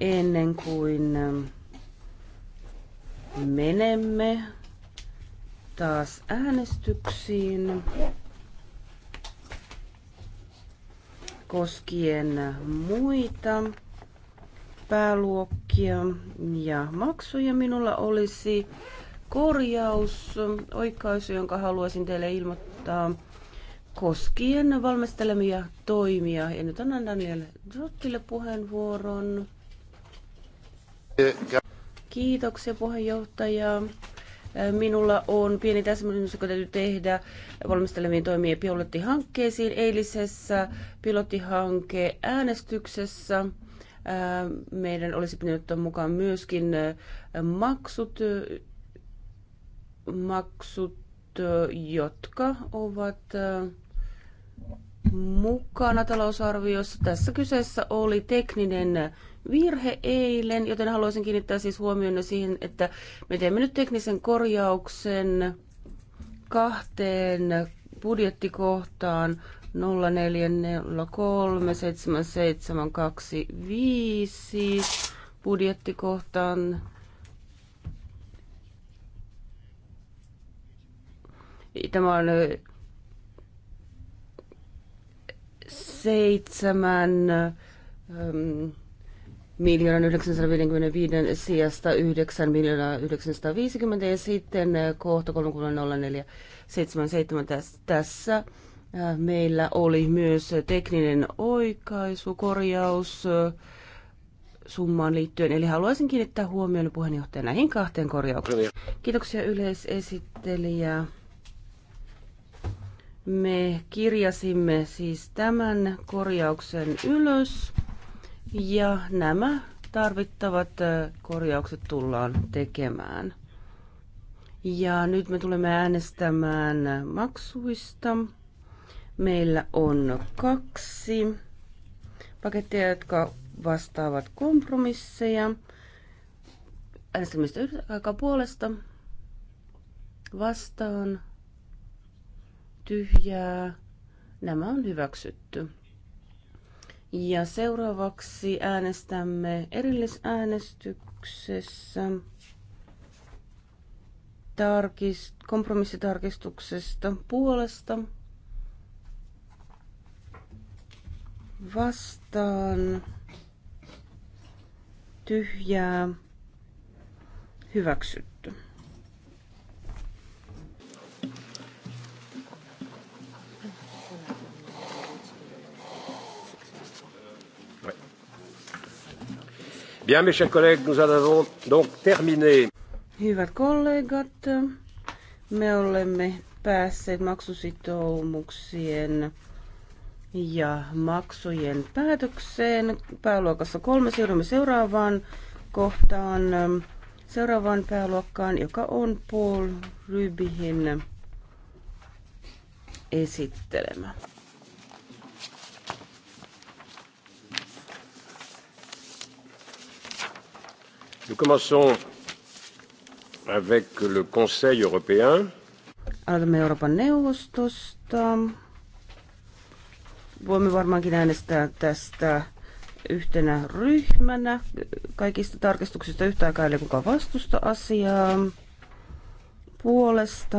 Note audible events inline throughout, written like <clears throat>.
ennen kuin ähm, menemme taas äänestyksiin koskien muita pääluokkia ja maksuja. Minulla olisi korjaus, oikaisu, jonka haluaisin teille ilmoittaa koskien valmistelemia toimia. Ja nyt annan Daniel Drottille puheenvuoron. Kiitoksia puheenjohtaja. Minulla on pieni täsmennys, joka täytyy tehdä valmisteleviin toimien pilottihankkeisiin. Eilisessä pilottihanke äänestyksessä meidän olisi pitänyt ottaa mukaan myöskin maksut, maksut jotka ovat mukana talousarviossa. Tässä kyseessä oli tekninen virhe eilen, joten haluaisin kiinnittää siis huomioon siihen, että me teemme nyt teknisen korjauksen kahteen budjettikohtaan 04037725 budjettikohtaan Tämä on seitsemän miljoonan 955 sijasta 9 miljoonaa 950 ja sitten äh, kohta 30477 tässä. Äh, meillä oli myös tekninen oikaisu, korjaus äh, summaan liittyen. Eli haluaisin kiinnittää huomioon puheenjohtajan näihin kahteen korjaukseen. Kiitoksia yleisesittelijä. Me kirjasimme siis tämän korjauksen ylös. Ja nämä tarvittavat korjaukset tullaan tekemään. Ja nyt me tulemme äänestämään maksuista. Meillä on kaksi pakettia, jotka vastaavat kompromisseja. Äänestämistä yhdessä aikaa puolesta vastaan tyhjää. Nämä on hyväksytty. Ja seuraavaksi äänestämme erillisäänestyksessä tarkist, kompromissitarkistuksesta puolesta vastaan tyhjää hyväksyt. Bien, mes chers collègues, nous en avons donc terminé. Hyvät kollegat, me olemme päässeet maksusitoumuksien ja maksujen päätökseen. Pääluokassa kolme siirrymme seuraavaan kohtaan, seuraavaan pääluokkaan, joka on Paul Rybihin esittelemä. Nous commençons avec le Conseil européen. Aloitamme Euroopan neuvostosta. Voimme varmaankin äänestää tästä yhtenä ryhmänä kaikista tarkistuksista yhtä aikaa, eli kuka vastusta asiaa puolesta.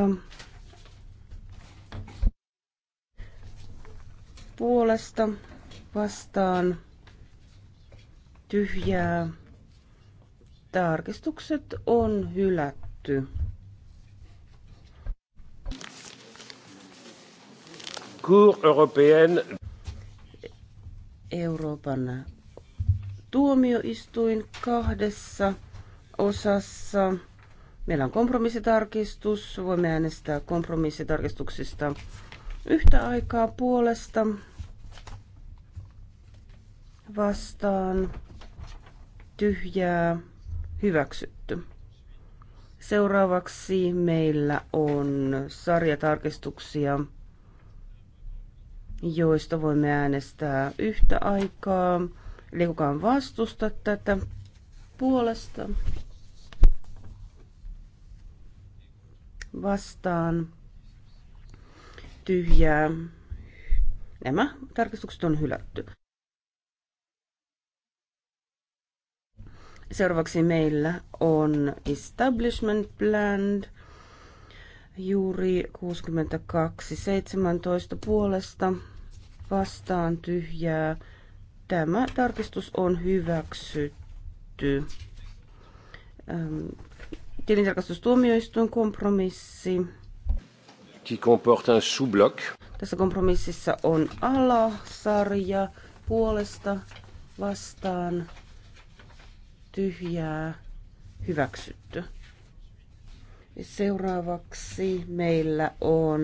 Puolesta vastaan tyhjää Tarkistukset on hylätty. Cour européenne. Euroopan tuomioistuin kahdessa osassa. Meillä on kompromissitarkistus. Voimme äänestää kompromissitarkistuksista yhtä aikaa puolesta vastaan tyhjää hyväksytty. Seuraavaksi meillä on sarjatarkistuksia, joista voimme äänestää yhtä aikaa. Eli kukaan vastusta tätä puolesta. Vastaan. Tyhjää. Nämä tarkistukset on hylätty. Seuraavaksi meillä on Establishment Plan, juuri 62.17 puolesta vastaan tyhjää. Tämä tarkistus on hyväksytty. Tilintarkastustuomioistuin kompromissi. Qui comporte un sous-bloc. Tässä kompromississa on alasarja puolesta vastaan tyhjää hyväksytty. Seuraavaksi meillä on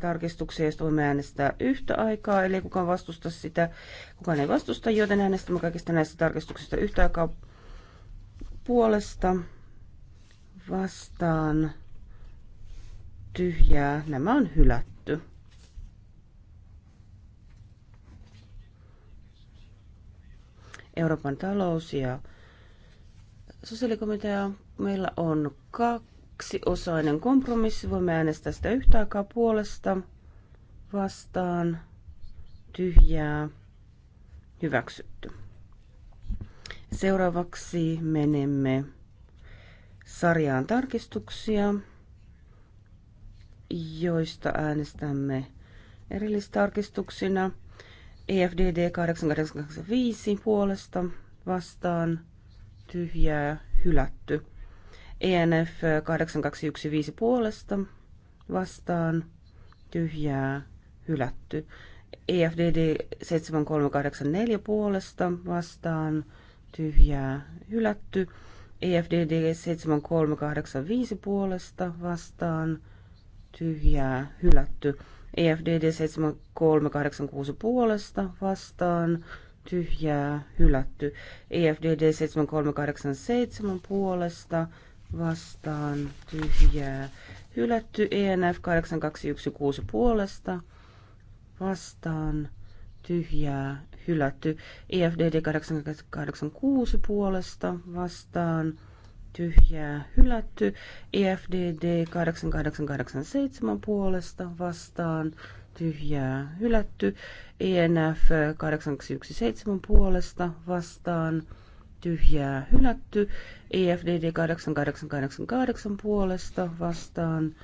tarkistuksia, josta voimme äänestää yhtä aikaa, eli kukaan vastusta sitä, kukaan ei vastusta, joten äänestämme kaikista näistä tarkistuksista yhtä aikaa puolesta vastaan tyhjää. Nämä on hylätty. Euroopan talous- ja sosiaalikomitea. Meillä on kaksiosainen kompromissi. Voimme äänestää sitä yhtä aikaa puolesta vastaan tyhjää hyväksytty. Seuraavaksi menemme sarjaan tarkistuksia, joista äänestämme erillistarkistuksina – EFDD 88,5 puolesta vastaan tyhjää hylätty. E ENF 8215 puolesta vastaan tyhjää hylätty. EFDD 7384 puolesta vastaan tyhjää hylätty. EFDD 7385 puolesta vastaan tyhjää hylätty. EFDD 7386 puolesta vastaan tyhjää hylätty. EFDD 7387 puolesta vastaan tyhjää hylätty. ENF 8216 puolesta vastaan tyhjää hylätty. EFDD 886 puolesta vastaan tyhjää hylätty. EFDD 8887 puolesta vastaan tyhjää hylätty. ENF 817 puolesta vastaan tyhjää hylätty. EFDD 8888 puolesta vastaan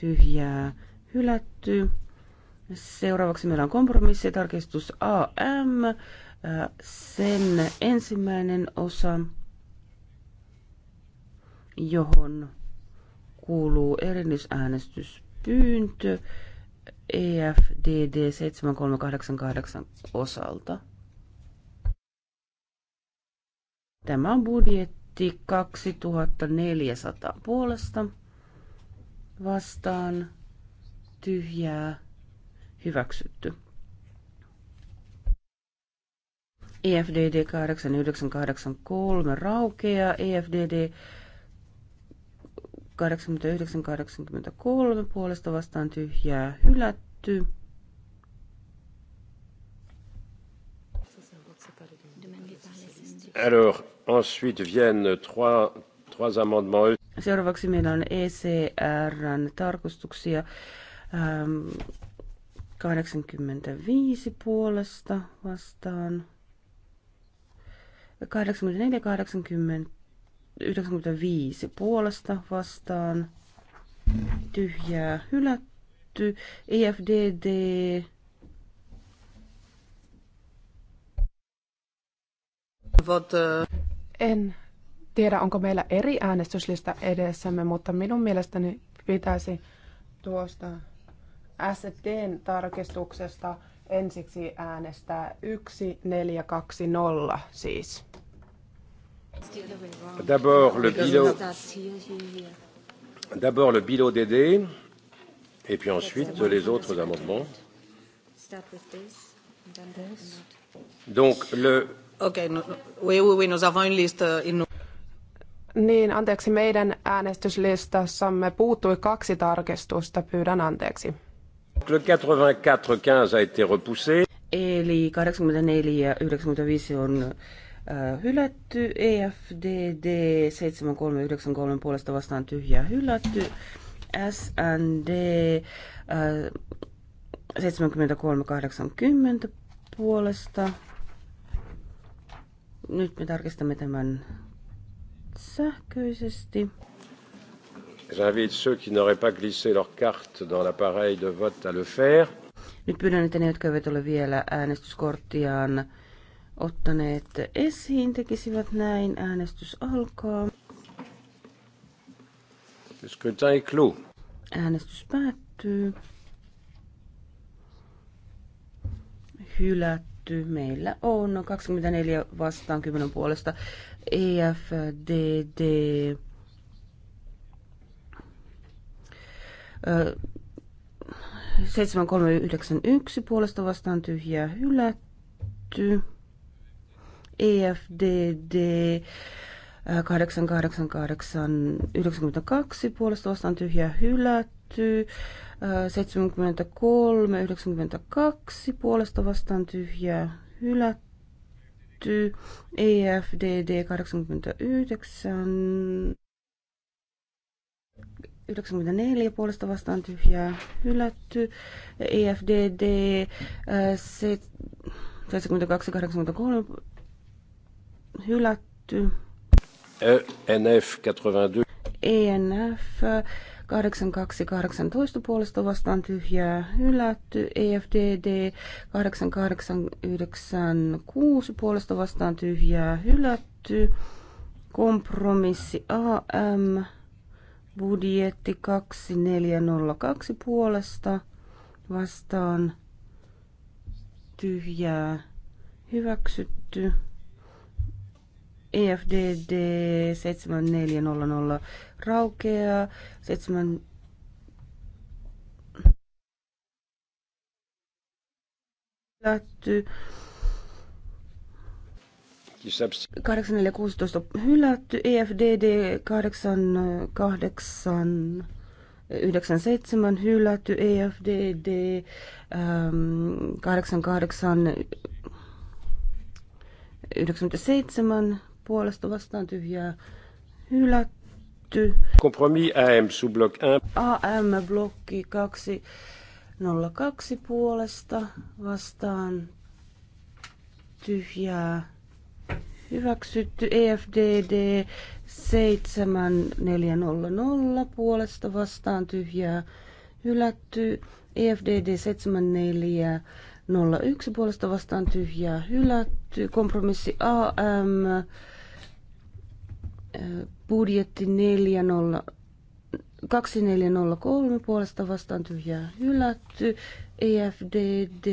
tyhjää hylätty. Seuraavaksi meillä on tarkistus AM. Sen ensimmäinen osa johon kuuluu erillisäänestyspyyntö EFDD 7388 osalta. Tämä on budjetti 2400 puolesta vastaan tyhjää hyväksytty. EFDD 8983 raukeaa, EFDD 89-83 puolesta vastaan tyhjää hylätty. Alors, ensuite viennent trois, trois amendements. Seuraavaksi meillä on ECRn tarkastuksia. Ähm, 85 puolesta vastaan. 84, 80 95 puolesta vastaan. Tyhjää hylätty. EFDD. En tiedä, onko meillä eri äänestyslista edessämme, mutta minun mielestäni pitäisi tuosta SDn tarkistuksesta ensiksi äänestää 1420 siis. D'abord le bilan. D'abord le bilan DD et puis ensuite les autres amendements. Donc le Okei, okay, no, oui, oui, oui, nos avons une liste euh, in... Niin, anteeksi, meidän äänestyslistassamme puuttui kaksi tarkistusta, pyydän anteeksi. Le 84 15 a été repoussé. Eli 84 ja 95 on Äh, hylätty. EFDD 7393 puolesta vastaan tyhjää hylätty. SND 7380 äh, puolesta. Nyt me tarkistamme tämän sähköisesti. J'invite ceux qui n'auraient pas glissé leur carte dans l'appareil de vote à le faire. Nyt pyydän, että ne, jotka eivät ole vielä äänestyskorttiaan ottaneet esiin tekisivät näin. Äänestys alkaa. Äänestys päättyy. Hylätty. Meillä on 24 no, vastaan 10 puolesta. EFDD. Ö, 7391 puolesta vastaan tyhjää hylätty. EFDD 8892 äh, puolesta vastaan tyhjää hylätty. 73, äh, 92 puolesta vastaan tyhjää hylätty. EFDD 89, 94 puolesta vastaan tyhjää hylätty. EFDD 72, 83 hylätty. ENF 82. 8218 puolesta vastaan tyhjää hylätty. EFDD 8896 puolesta vastaan tyhjää hylätty. Kompromissi AM budjetti 2402 puolesta vastaan tyhjää hyväksytty. EFDD 7400 raukeaa, 7 hylätty, 8416 on hylätty, EFDD 8897 hylätty, EFDD ähm, 88 puolesta vastaan tyhjää hylätty. Kompromi AM sublok 1. AM blokki 202 puolesta vastaan tyhjää hyväksytty. EFDD 7400 puolesta vastaan tyhjää hylätty. EFDD 7401 puolesta vastaan tyhjää hylätty. Kompromissi AM budjetti 40, 2403 puolesta vastaan tyhjää hylätty. EFDD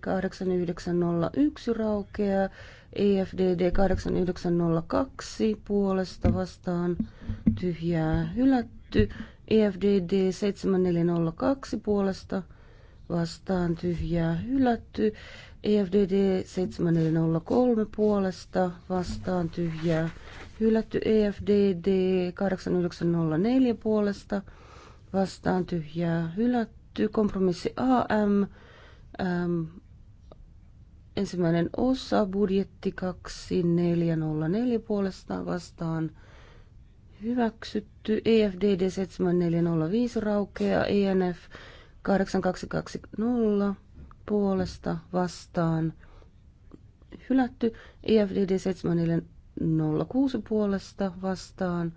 8901 raukeaa. EFDD 8902 puolesta vastaan tyhjää hylätty. EFDD 7402 puolesta vastaan tyhjää hylätty. EFDD 7403 puolesta vastaan tyhjää hylätty EFDD 8904 puolesta vastaan tyhjää hylätty. Kompromissi AM, äm, ensimmäinen osa, budjetti 2404 puolesta vastaan hyväksytty. EFDD 7405 raukea, ENF 8220 puolesta vastaan hylätty. EFDD 74 06 puolesta vastaan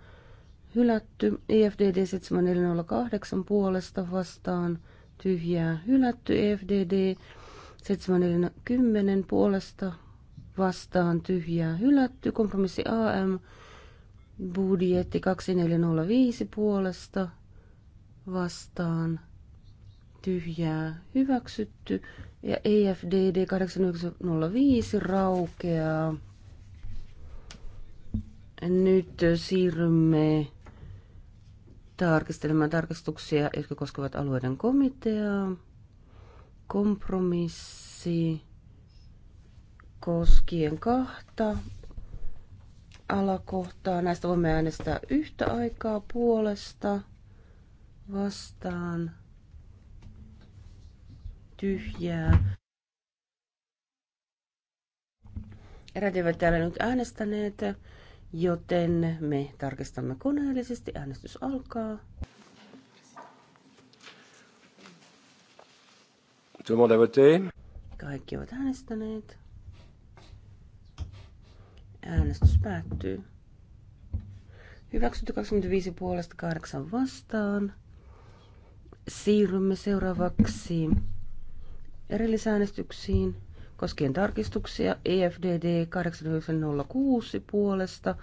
hylätty. EFDD 7408 puolesta vastaan tyhjää hylätty. EFDD 7410 puolesta vastaan tyhjää hylätty. Kompromissi AM budjetti 2405 puolesta vastaan tyhjää hyväksytty ja EFDD 8905 raukeaa. Nyt siirrymme tarkistelemaan tarkastuksia, jotka koskevat alueiden komiteaa. Kompromissi koskien kahta alakohtaa. Näistä voimme äänestää yhtä aikaa puolesta vastaan tyhjää. Erät eivät täällä nyt äänestäneet joten me tarkistamme koneellisesti. Äänestys alkaa. Kaikki ovat äänestäneet. Äänestys päättyy. Hyväksytty 25 puolesta 8 vastaan. Siirrymme seuraavaksi erillisäänestyksiin koskien tarkistuksia EFDD 8906 puolesta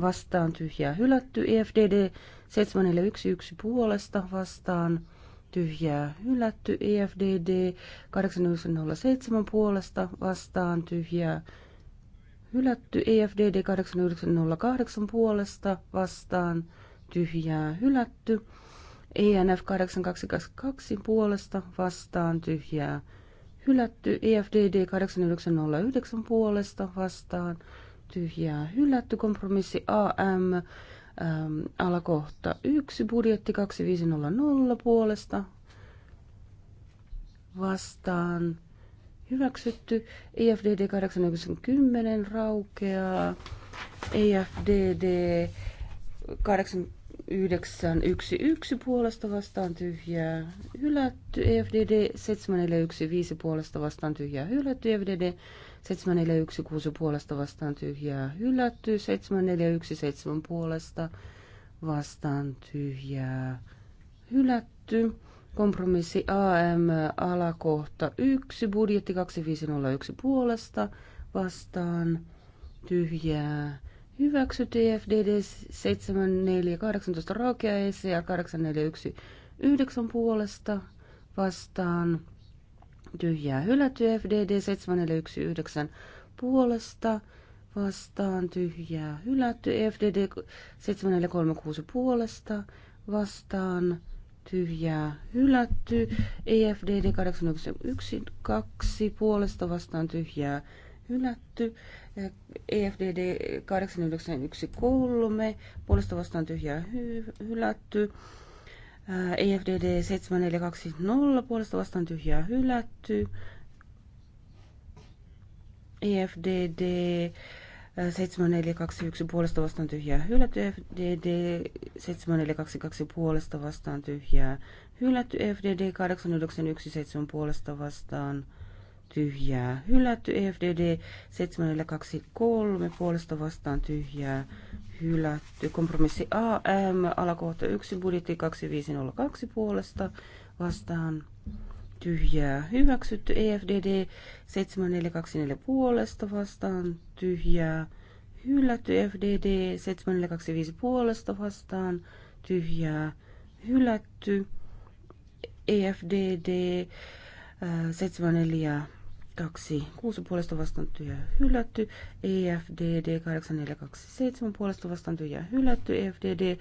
vastaan tyhjää hylätty, EFDD 7411 puolesta vastaan tyhjää hylätty, EFDD 8907 puolesta vastaan tyhjää hylätty, EFDD 8908 puolesta vastaan tyhjää hylätty, ENF 8222 puolesta vastaan tyhjää hylätty. EFDD 8909 puolesta vastaan tyhjää hylätty. Kompromissi AM äm, alakohta 1 budjetti 2500 puolesta vastaan hyväksytty. EFDD 8910 raukeaa. EFDD 8 911 puolesta vastaan tyhjää hylätty, EFDD 7415 puolesta vastaan tyhjää hylätty, EFDD 7416 puolesta vastaan tyhjää hylätty, 7417 puolesta vastaan tyhjää hylätty. Kompromissi AM alakohta 1, budjetti 2501 puolesta vastaan tyhjää hyväksy FDD 7418 raukea ECR 8419 puolesta vastaan tyhjää hylätty e FDD 7419 puolesta vastaan tyhjää hylätty e FDD 7436 puolesta vastaan tyhjää hylätty EFDD 891 2 puolesta vastaan tyhjää hylätty EFDD 8913, puolesta vastaan tyhjää hy- hylätty. EFDD 7420, puolesta vastaan tyhjää hylätty. EFDD 7421 puolesta vastaan tyhjää hylätty EFDD 7422 puolesta vastaan tyhjää hylätty EFDD 8917 puolesta vastaan tyhjää tyhjää hylätty. EFDD 723 puolesta vastaan tyhjää hylätty. Kompromissi AM alakohta 1 budjetti 2502 puolesta vastaan tyhjää hyväksytty. EFDD 7424 puolesta vastaan tyhjää hylätty. E FDD 7425 puolesta vastaan tyhjää hylätty. EFDD 74 kaksi, kuusi puolesta vastaan tyhjää hylätty, EFDD 8427 puolesta vastaan tyhjää hylätty, EFDD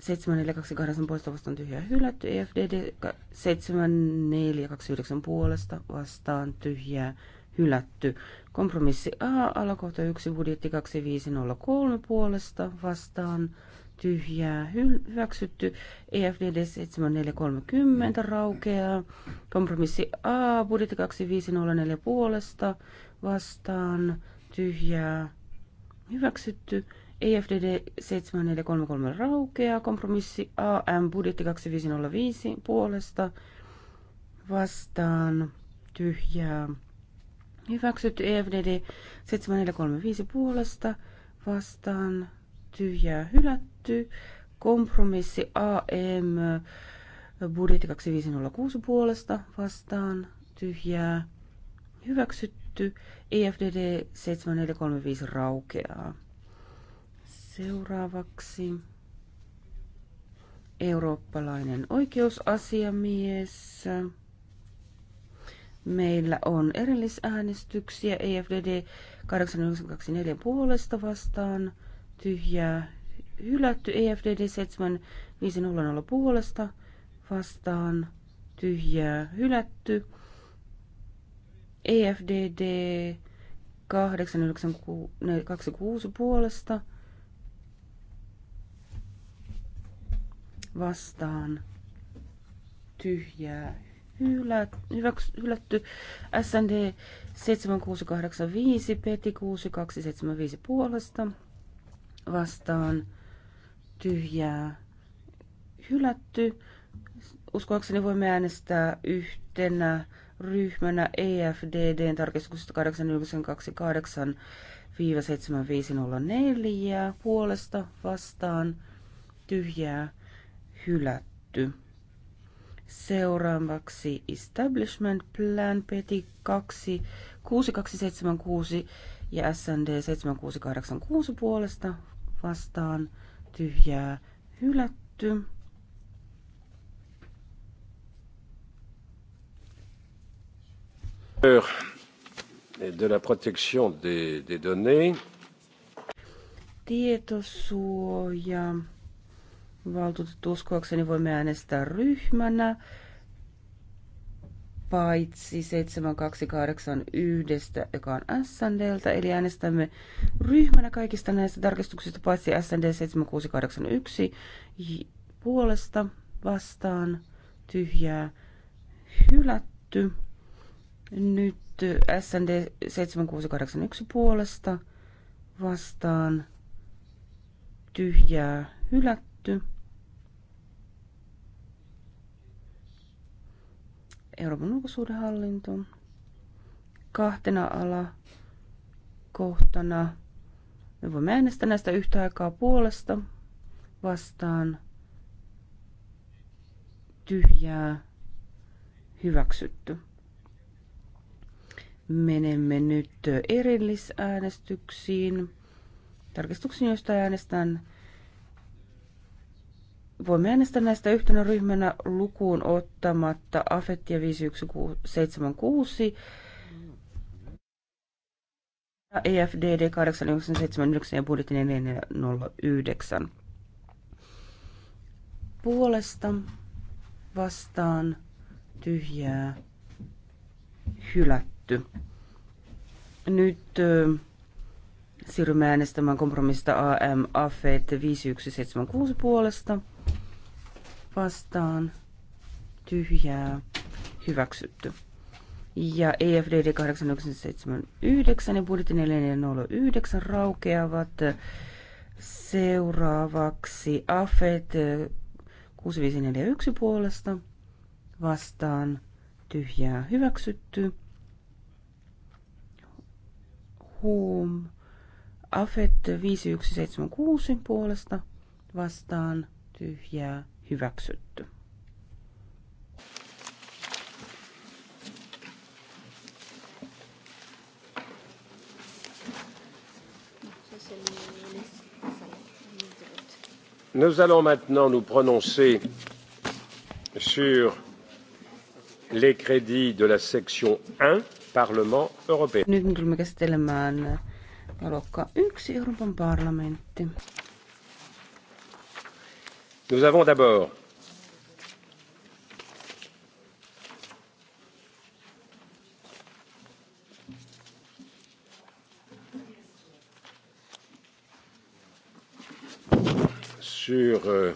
7428 ähm, puolesta vastaan tyhjää hylätty, EFDD 7429 puolesta vastaan tyhjää hylätty. Kompromissi A, alakohta 1, budjetti 2503 puolesta vastaan tyhjää hyväksytty. EFD 7430 raukeaa. Kompromissi A, budjetti 2504 puolesta vastaan tyhjää hyväksytty. EFDD 7433 raukeaa. Kompromissi AM, budjetti 2505 puolesta vastaan tyhjää hyväksytty. EFDD 7435 puolesta vastaan tyhjää hylätty. Kompromissi AM budjetti 2506 puolesta vastaan tyhjää hyväksytty. EFDD 7435 raukeaa. Seuraavaksi eurooppalainen oikeusasiamies. Meillä on erillisäänestyksiä EFDD 8924 puolesta vastaan tyhjää hylätty. EFDD 750 niin puolesta vastaan tyhjää hylätty. EFDD 8926 puolesta vastaan tyhjää hylät, hyväks, hylätty. SND 7685, Peti 6275 puolesta vastaan tyhjää hylätty. Uskoakseni voimme äänestää yhtenä ryhmänä EFDDn tarkistuksesta 8928 7504 puolesta vastaan tyhjää hylätty. Seuraavaksi Establishment Plan Peti 2, 6276 ja SND 7686 puolesta vastaan tyhjää hylätty. De la protection des, des données. Tietosuoja. Valtuutettu uskoakseni voimme äänestää ryhmänä paitsi 7281, joka on SNDltä, eli äänestämme ryhmänä kaikista näistä tarkistuksista, paitsi SND 7681 puolesta vastaan tyhjää hylätty. Nyt SND 7681 puolesta vastaan tyhjää hylätty. Euroopan ulkosuudenhallinto kahtena ala kohtana. Me voimme äänestää näistä yhtä aikaa puolesta vastaan tyhjää hyväksytty. Menemme nyt erillisäänestyksiin. Tarkistuksen, joista äänestän Voimme äänestää näistä yhtenä ryhmänä lukuun ottamatta Afettia 5176, EFDD 8979 ja budjetti 409. Puolesta vastaan tyhjää hylätty. Nyt ö, siirrymme äänestämään kompromissista AM AFET 5176 puolesta vastaan tyhjää hyväksytty. Ja EFDD 8979 ja budjetti 4409 raukeavat. Seuraavaksi AFET 6541 puolesta vastaan tyhjää hyväksytty. HUM AFET 5176 puolesta vastaan tyhjää hyväksytty. Nous allons maintenant nous prononcer sur les crédits de la section 1, Parlement européen. Nyt me tulemme käsittelemään luokkaa 1, Euroopan parlamentti nous avons d'abord sur euh,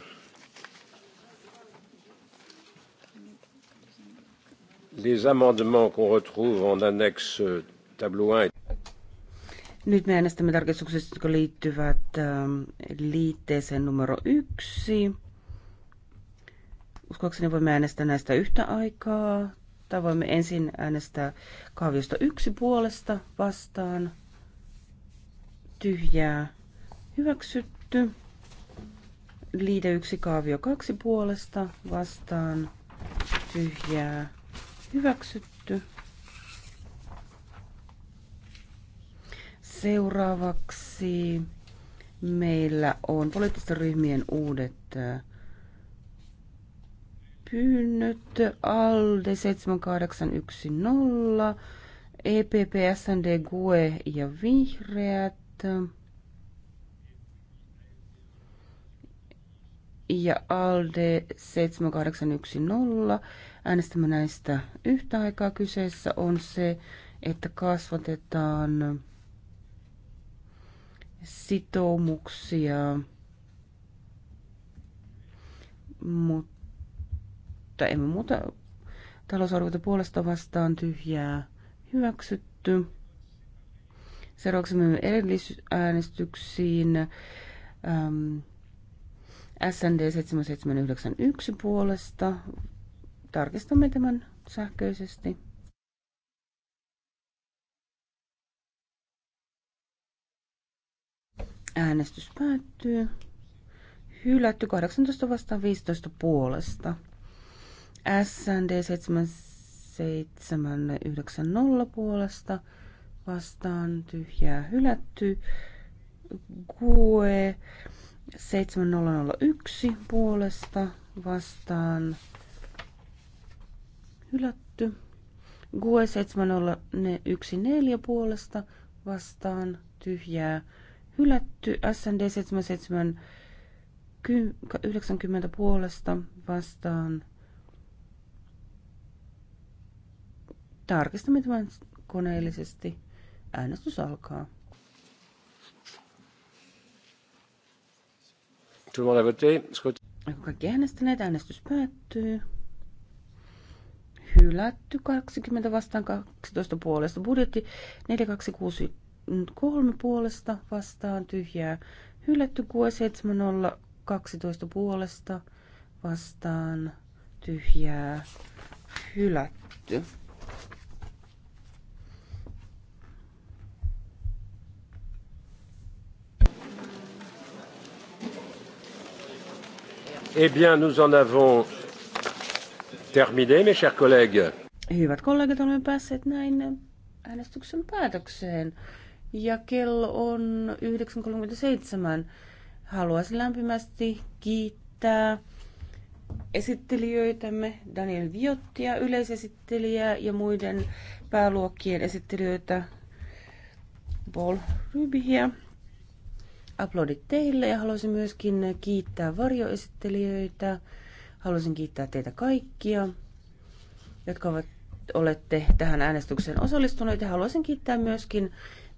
les amendements qu'on retrouve en annexe tableau i nyt me äänestämme tarkistuksista, jotka liittyvät ähm, liitteeseen numero yksi. Uskoakseni voimme äänestää näistä yhtä aikaa. Tai voimme ensin äänestää kaaviosta yksi puolesta vastaan. Tyhjää hyväksytty. Liite yksi kaavio kaksi puolesta vastaan. Tyhjää hyväksytty. Seuraavaksi meillä on poliittisten ryhmien uudet äh, pyynnöt. ALDE 7810, EPP, SND, GUE ja Vihreät. ja ALDE 7810. Äänestämme näistä yhtä aikaa. Kyseessä on se, että kasvatetaan sitoumuksia, mutta emme muuta talousarviota puolesta vastaan tyhjää hyväksytty. Seuraavaksi menemme erillisäänestyksiin. Ähm, SND 7791 puolesta. Tarkistamme tämän sähköisesti. Äänestys päättyy. Hylätty 18 vastaan 15 puolesta. SND 7790 puolesta vastaan tyhjää hylätty. GUE 7001 puolesta vastaan hylätty. GUE 7014 puolesta vastaan tyhjää hylätty hylätty. SND 77 90 puolesta vastaan. Tarkistamme tämän koneellisesti. Äänestys alkaa. Kaikki äänestäneet, äänestys päättyy. Hylätty 20 vastaan 12 puolesta. Budjetti 4261 kolme puolesta vastaan tyhjää. Hylätty Q70 12 puolesta vastaan tyhjää. Hylätty. Eh bien, nous en avons terminé, mes chers collègues. Hyvät kollegat, olemme päässeet näin äänestyksen päätökseen ja kello on 9.37. Haluaisin lämpimästi kiittää esittelijöitämme Daniel Viottia, yleisesittelijää ja muiden pääluokkien esittelijöitä Paul Rybihiä. Aplodit teille ja haluaisin myöskin kiittää varjoesittelijöitä. Haluaisin kiittää teitä kaikkia, jotka ovat, olette tähän äänestykseen osallistuneet. Ja haluaisin kiittää myöskin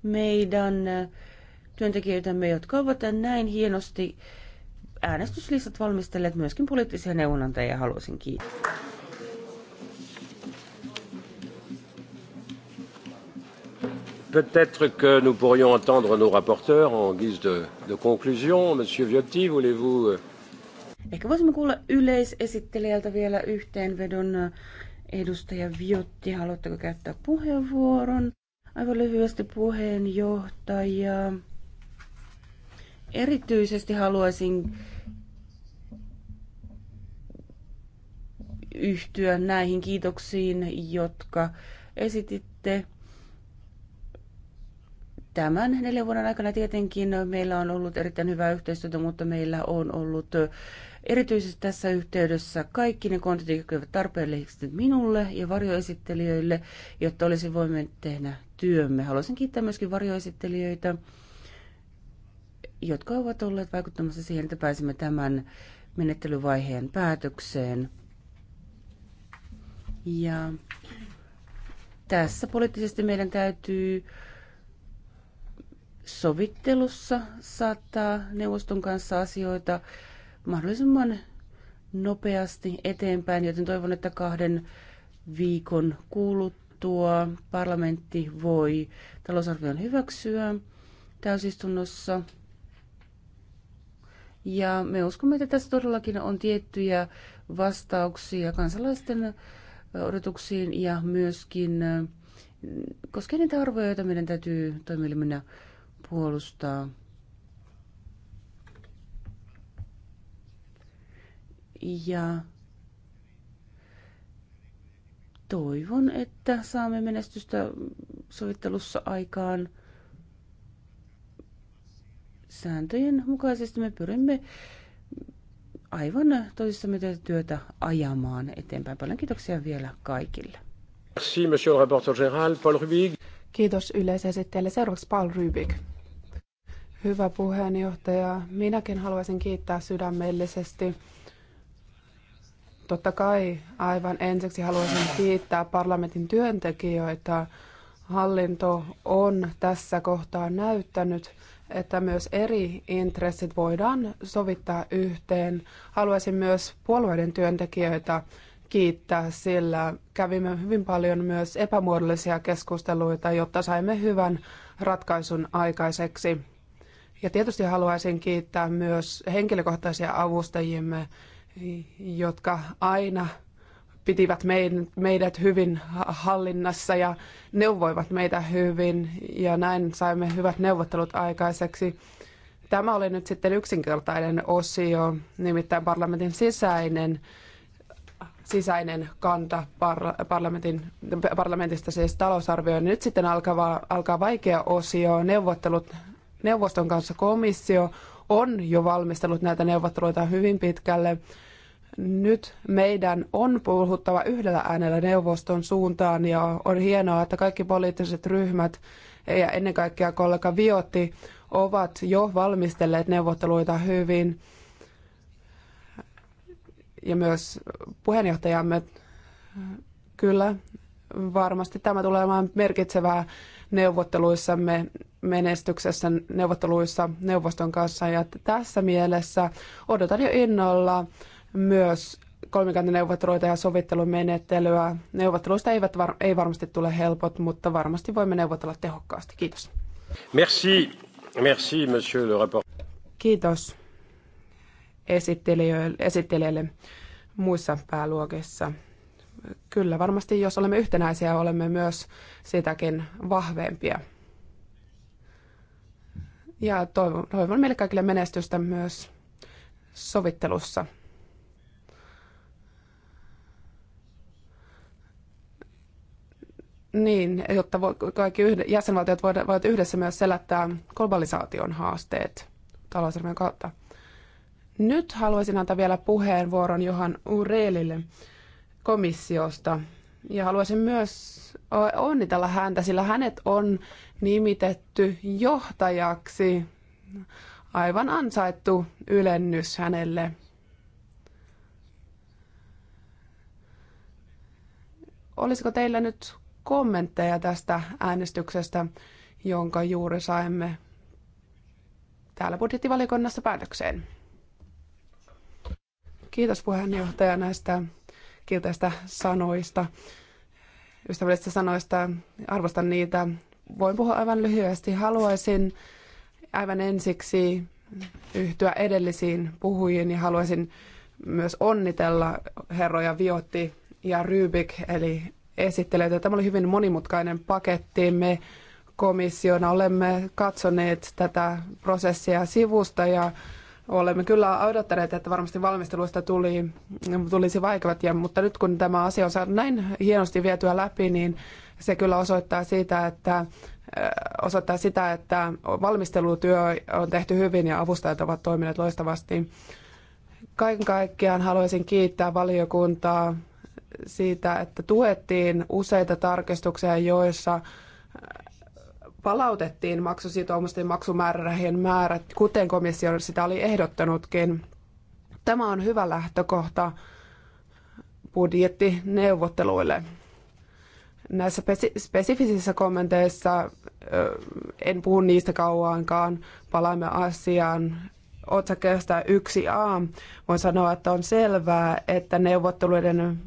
meidän työntekijöitämme, jotka ovat näin hienosti äänestyslistat valmistelleet myöskin poliittisia neuvonantajia. Haluaisin kiittää. Peut-être que nous pourrions entendre nos rapporteurs en guise de, de conclusion. Monsieur Viotti, voulez-vous... Euh, Ehkä voisimme kuulla yleisesittelijältä vielä yhteenvedon. Edustaja Viotti, haluatteko käyttää puheenvuoron? Aivan lyhyesti puheenjohtaja. Erityisesti haluaisin yhtyä näihin kiitoksiin, jotka esititte tämän neljän vuoden aikana tietenkin meillä on ollut erittäin hyvää yhteistyötä, mutta meillä on ollut Erityisesti tässä yhteydessä kaikki ne kontit, jotka ovat tarpeelliset minulle ja varjoesittelijöille, jotta olisi voimme tehdä työmme. Haluaisin kiittää myöskin varjoesittelijöitä, jotka ovat olleet vaikuttamassa siihen, että pääsimme tämän menettelyvaiheen päätökseen. Ja tässä poliittisesti meidän täytyy sovittelussa saattaa neuvoston kanssa asioita mahdollisimman nopeasti eteenpäin, joten toivon, että kahden viikon kuluttua parlamentti voi talousarvion hyväksyä täysistunnossa. Ja me uskomme, että tässä todellakin on tiettyjä vastauksia kansalaisten odotuksiin ja myöskin äh, koskee niitä arvoja, joita meidän täytyy toimielimenä puolustaa. ja toivon, että saamme menestystä sovittelussa aikaan sääntöjen mukaisesti. Me pyrimme aivan toisissamme tätä työtä ajamaan eteenpäin. Paljon kiitoksia vielä kaikille. Merci, monsieur le rapporteur général, Paul Kiitos yleisesittäjälle. Seuraavaksi Paul Rubik. Hyvä puheenjohtaja. Minäkin haluaisin kiittää sydämellisesti Totta kai aivan ensiksi haluaisin kiittää parlamentin työntekijöitä. Hallinto on tässä kohtaa näyttänyt, että myös eri intressit voidaan sovittaa yhteen. Haluaisin myös puolueiden työntekijöitä kiittää, sillä kävimme hyvin paljon myös epämuodollisia keskusteluita, jotta saimme hyvän ratkaisun aikaiseksi. Ja tietysti haluaisin kiittää myös henkilökohtaisia avustajimme, jotka aina pitivät meidät hyvin hallinnassa ja neuvoivat meitä hyvin ja näin saimme hyvät neuvottelut aikaiseksi. Tämä oli nyt sitten yksinkertainen osio, nimittäin parlamentin sisäinen, sisäinen kanta parlamentin, parlamentista siis talousarvioon. Nyt sitten alkaa, alkaa vaikea osio, neuvottelut neuvoston kanssa komissio on jo valmistellut näitä neuvotteluita hyvin pitkälle nyt meidän on puhuttava yhdellä äänellä neuvoston suuntaan ja on hienoa, että kaikki poliittiset ryhmät ja ennen kaikkea kollega Viotti ovat jo valmistelleet neuvotteluita hyvin. Ja myös puheenjohtajamme kyllä varmasti tämä tulee olemaan merkitsevää neuvotteluissamme menestyksessä neuvotteluissa neuvoston kanssa. Ja tässä mielessä odotan jo innolla myös kolmikantaneuvotteluita ja sovittelumenettelyä. Neuvotteluista ei, var- ei varmasti tule helpot, mutta varmasti voimme neuvotella tehokkaasti. Kiitos. Merci. Merci, monsieur le rapport. Kiitos esittelijälle muissa pääluokissa. Kyllä, varmasti jos olemme yhtenäisiä, olemme myös sitäkin vahvempia. Ja toivon, toivon meille kaikille menestystä myös sovittelussa. Niin, jotta voi, kaikki yhde, jäsenvaltiot voivat yhdessä myös selättää globalisaation haasteet talousarvion kautta. Nyt haluaisin antaa vielä puheenvuoron Johan Ureelille komissiosta. Ja haluaisin myös onnitella häntä, sillä hänet on nimitetty johtajaksi. Aivan ansaittu ylennys hänelle. Olisiko teillä nyt kommentteja tästä äänestyksestä, jonka juuri saimme täällä budjettivalikonnassa päätökseen. Kiitos puheenjohtaja näistä kiltäistä sanoista, ystävällisistä sanoista. Arvostan niitä. Voin puhua aivan lyhyesti. Haluaisin aivan ensiksi yhtyä edellisiin puhujiin ja haluaisin myös onnitella herroja Viotti ja Rybik, eli esittelijöitä. Tämä oli hyvin monimutkainen paketti. Me komissiona olemme katsoneet tätä prosessia sivusta ja olemme kyllä odottaneet, että varmasti valmisteluista tuli, tulisi vaikeat, ja, mutta nyt kun tämä asia on saatu näin hienosti vietyä läpi, niin se kyllä osoittaa siitä, että äh, osoittaa sitä, että valmistelutyö on tehty hyvin ja avustajat ovat toimineet loistavasti. Kaiken kaikkiaan haluaisin kiittää valiokuntaa siitä, että tuettiin useita tarkistuksia, joissa äh, palautettiin maksusitoumusten maksumäärärahien määrät, kuten komissio sitä oli ehdottanutkin. Tämä on hyvä lähtökohta budjettineuvotteluille. Näissä spesifisissä kommenteissa en puhu niistä kauankaan, palaamme asiaan otsakkeesta 1a voi sanoa, että on selvää, että neuvotteluiden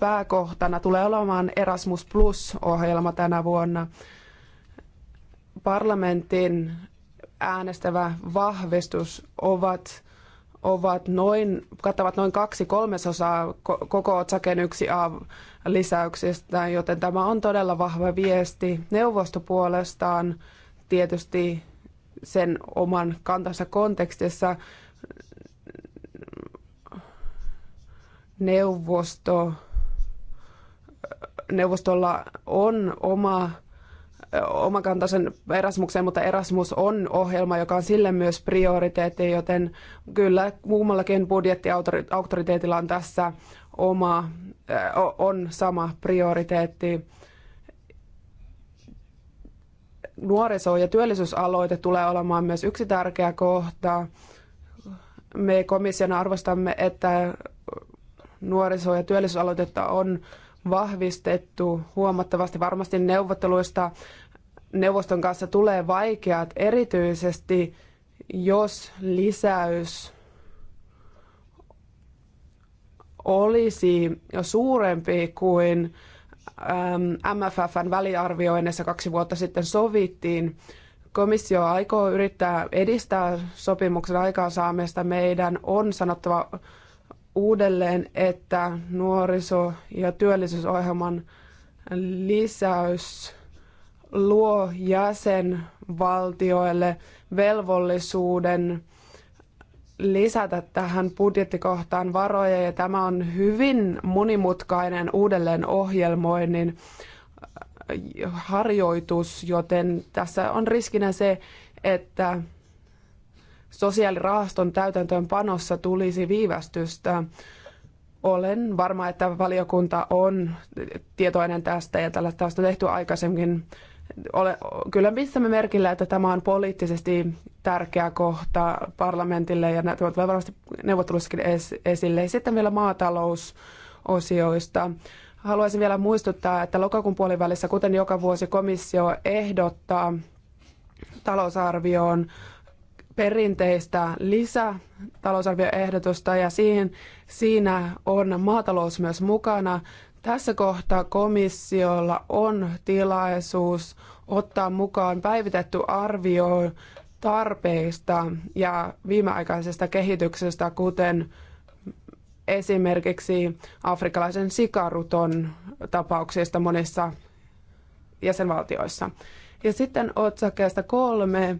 pääkohtana tulee olemaan Erasmus Plus-ohjelma tänä vuonna. Parlamentin äänestävä vahvistus ovat, ovat noin, kattavat noin kaksi kolmesosaa koko otsakeen 1a lisäyksistä, joten tämä on todella vahva viesti. Neuvosto puolestaan tietysti sen oman kantansa kontekstissa neuvosto, neuvostolla on oma, oma kantansa Erasmukseen, mutta Erasmus on ohjelma, joka on sille myös prioriteetti, joten kyllä muummallakin budjettiauktoriteetilla on tässä oma, on sama prioriteetti nuoriso- ja työllisyysaloite tulee olemaan myös yksi tärkeä kohta. Me komissiona arvostamme, että nuoriso- ja työllisyysaloitetta on vahvistettu huomattavasti. Varmasti neuvotteluista neuvoston kanssa tulee vaikeat, erityisesti jos lisäys olisi suurempi kuin MFFn ähm, väliarvioinnissa kaksi vuotta sitten sovittiin. Komissio aikoo yrittää edistää sopimuksen aikaansaamista. Meidän on sanottava uudelleen, että nuoriso- ja työllisyysohjelman lisäys luo jäsenvaltioille velvollisuuden lisätä tähän budjettikohtaan varoja ja tämä on hyvin monimutkainen uudelleen ohjelmoinnin äh, harjoitus, joten tässä on riskinä se, että sosiaalirahaston täytäntöönpanossa tulisi viivästystä. Olen varma, että valiokunta on tietoinen tästä ja tällaista on tehty aikaisemmin ole, kyllä pistämme merkillä, että tämä on poliittisesti tärkeä kohta parlamentille ja tämä tulee varmasti neuvottelussakin esille. Sitten vielä maatalousosioista. Haluaisin vielä muistuttaa, että lokakuun puolivälissä, kuten joka vuosi, komissio ehdottaa talousarvioon perinteistä lisätalousarvioehdotusta ja siihen, siinä on maatalous myös mukana. Tässä kohtaa komissiolla on tilaisuus ottaa mukaan päivitetty arvio tarpeista ja viimeaikaisesta kehityksestä, kuten esimerkiksi afrikkalaisen sikaruton tapauksista monissa jäsenvaltioissa. Ja sitten otsakkeesta kolme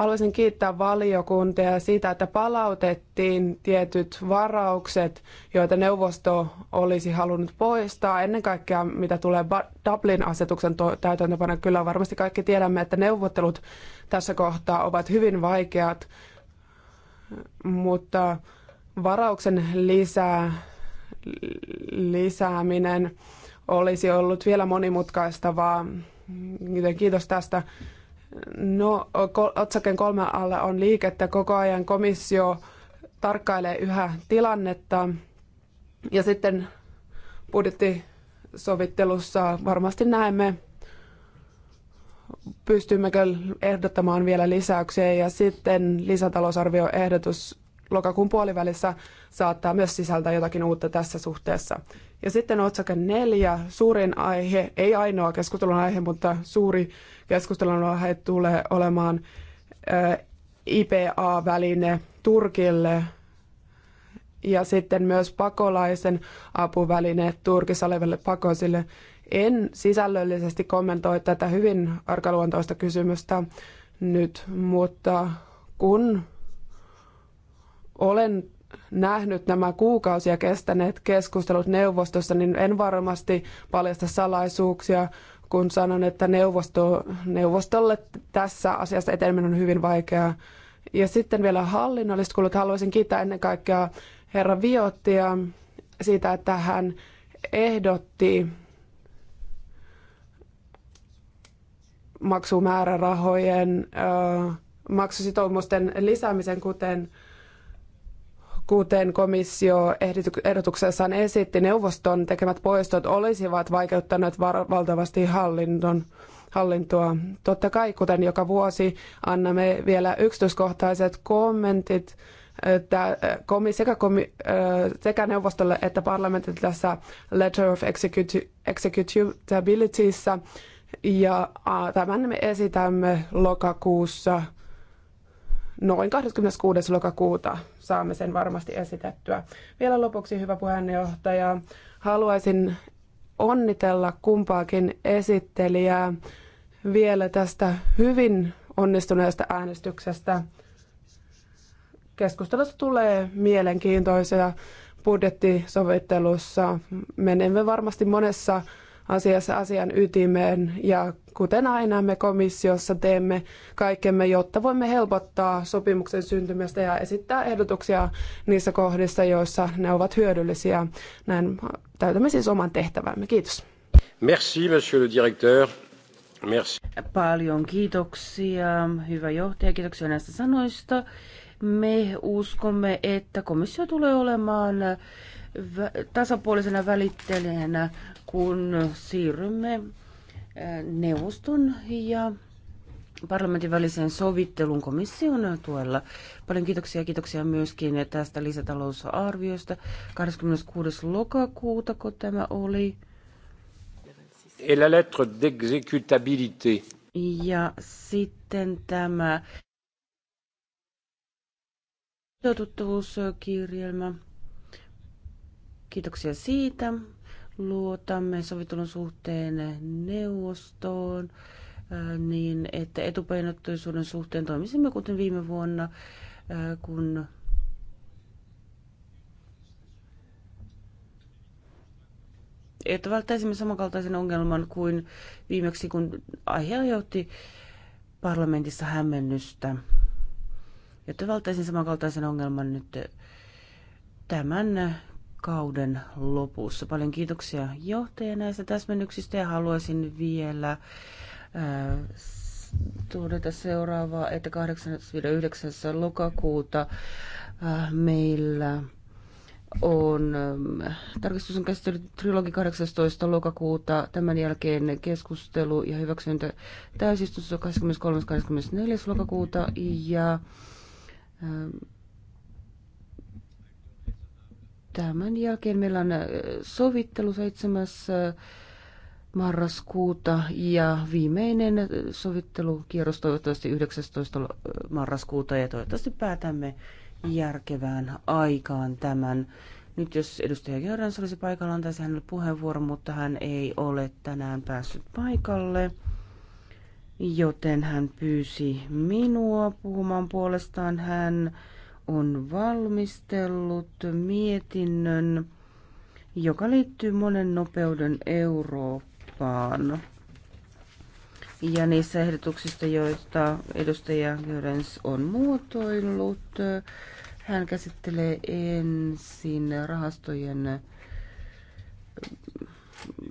Haluaisin kiittää valiokuntia siitä, että palautettiin tietyt varaukset, joita neuvosto olisi halunnut poistaa. Ennen kaikkea, mitä tulee Dublin-asetuksen täytäntöpanoon, kyllä varmasti kaikki tiedämme, että neuvottelut tässä kohtaa ovat hyvin vaikeat, mutta varauksen lisää, lisääminen olisi ollut vielä monimutkaistavaa. kiitos tästä. No, otsaken kolme alla on liikettä. Koko ajan komissio tarkkailee yhä tilannetta. Ja sitten budjettisovittelussa varmasti näemme, pystymmekö ehdottamaan vielä lisäyksiä. Ja sitten lisätalousarvioehdotus lokakuun puolivälissä saattaa myös sisältää jotakin uutta tässä suhteessa. Ja sitten otsake neljä, suurin aihe, ei ainoa keskustelun aihe, mutta suuri keskustelun aihe tulee olemaan IPA-väline Turkille ja sitten myös pakolaisen apuväline Turkissa oleville pakoisille. En sisällöllisesti kommentoi tätä hyvin arkaluontoista kysymystä nyt, mutta kun olen nähnyt nämä kuukausia kestäneet keskustelut neuvostossa, niin en varmasti paljasta salaisuuksia, kun sanon, että neuvosto, neuvostolle tässä asiassa eteneminen on hyvin vaikeaa. Ja sitten vielä hallinnolliset kulut. Haluaisin kiittää ennen kaikkea herra Viottia siitä, että hän ehdotti maksumäärärahojen, maksusitoumusten lisäämisen, kuten kuten komissio ehdotuksessaan esitti, neuvoston tekemät poistot olisivat vaikeuttaneet valtavasti hallinnon, hallintoa. Totta kai, kuten joka vuosi, annamme vielä yksityiskohtaiset kommentit sekä, komi, sekä neuvostolle että parlamentille tässä Letter of Executabilityssä. Ja tämän me esitämme lokakuussa – noin 26. lokakuuta saamme sen varmasti esitettyä. Vielä lopuksi, hyvä puheenjohtaja, haluaisin onnitella kumpaakin esittelijää vielä tästä hyvin onnistuneesta äänestyksestä. keskustelussa tulee mielenkiintoisia budjettisovittelussa. Menemme varmasti monessa asiassa asian ytimeen ja kuten aina me komissiossa teemme kaikkemme, jotta voimme helpottaa sopimuksen syntymistä ja esittää ehdotuksia niissä kohdissa, joissa ne ovat hyödyllisiä. Näin täytämme siis oman tehtävämme. Kiitos. Merci, monsieur le directeur. Merci. Paljon kiitoksia, hyvä johtaja, kiitoksia näistä sanoista. Me uskomme, että komissio tulee olemaan tasapuolisena välittelijänä, kun siirrymme äh, neuvoston ja parlamentin väliseen sovittelun komission tuella. Paljon kiitoksia ja kiitoksia myöskin tästä lisätalousarviosta. 26. lokakuuta, kun tämä oli. Et la lettre d'exécutabilité. Ja sitten tämä toteutuvuuskirjelmä. Kiitoksia siitä. Luotamme sovitulun suhteen neuvostoon äh, niin, että etupainottuisuuden suhteen toimisimme kuten viime vuonna, äh, kun että välttäisimme samankaltaisen ongelman kuin viimeksi, kun aihe aiheutti parlamentissa hämmennystä. Että välttäisin samankaltaisen ongelman nyt tämän kauden lopussa. Paljon kiitoksia johtajan näistä täsmennyksistä ja haluaisin vielä äh, todeta seuraavaa, että 8.9. lokakuuta äh, meillä on äh, tarkistus on käsitelty trilogi 18. lokakuuta, tämän jälkeen keskustelu ja hyväksyntä täysistunnossa 23.24. lokakuuta ja Tämän jälkeen meillä on sovittelu 7. marraskuuta ja viimeinen sovittelukierros toivottavasti 19. marraskuuta ja toivottavasti päätämme järkevään aikaan tämän. Nyt jos edustaja Jörens olisi paikalla, antaisi hänelle puheenvuoron, mutta hän ei ole tänään päässyt paikalle. Joten hän pyysi minua puhumaan puolestaan. Hän on valmistellut mietinnön, joka liittyy monen nopeuden Eurooppaan. Ja niissä ehdotuksista, joita edustaja Jörens on muotoillut, hän käsittelee ensin rahastojen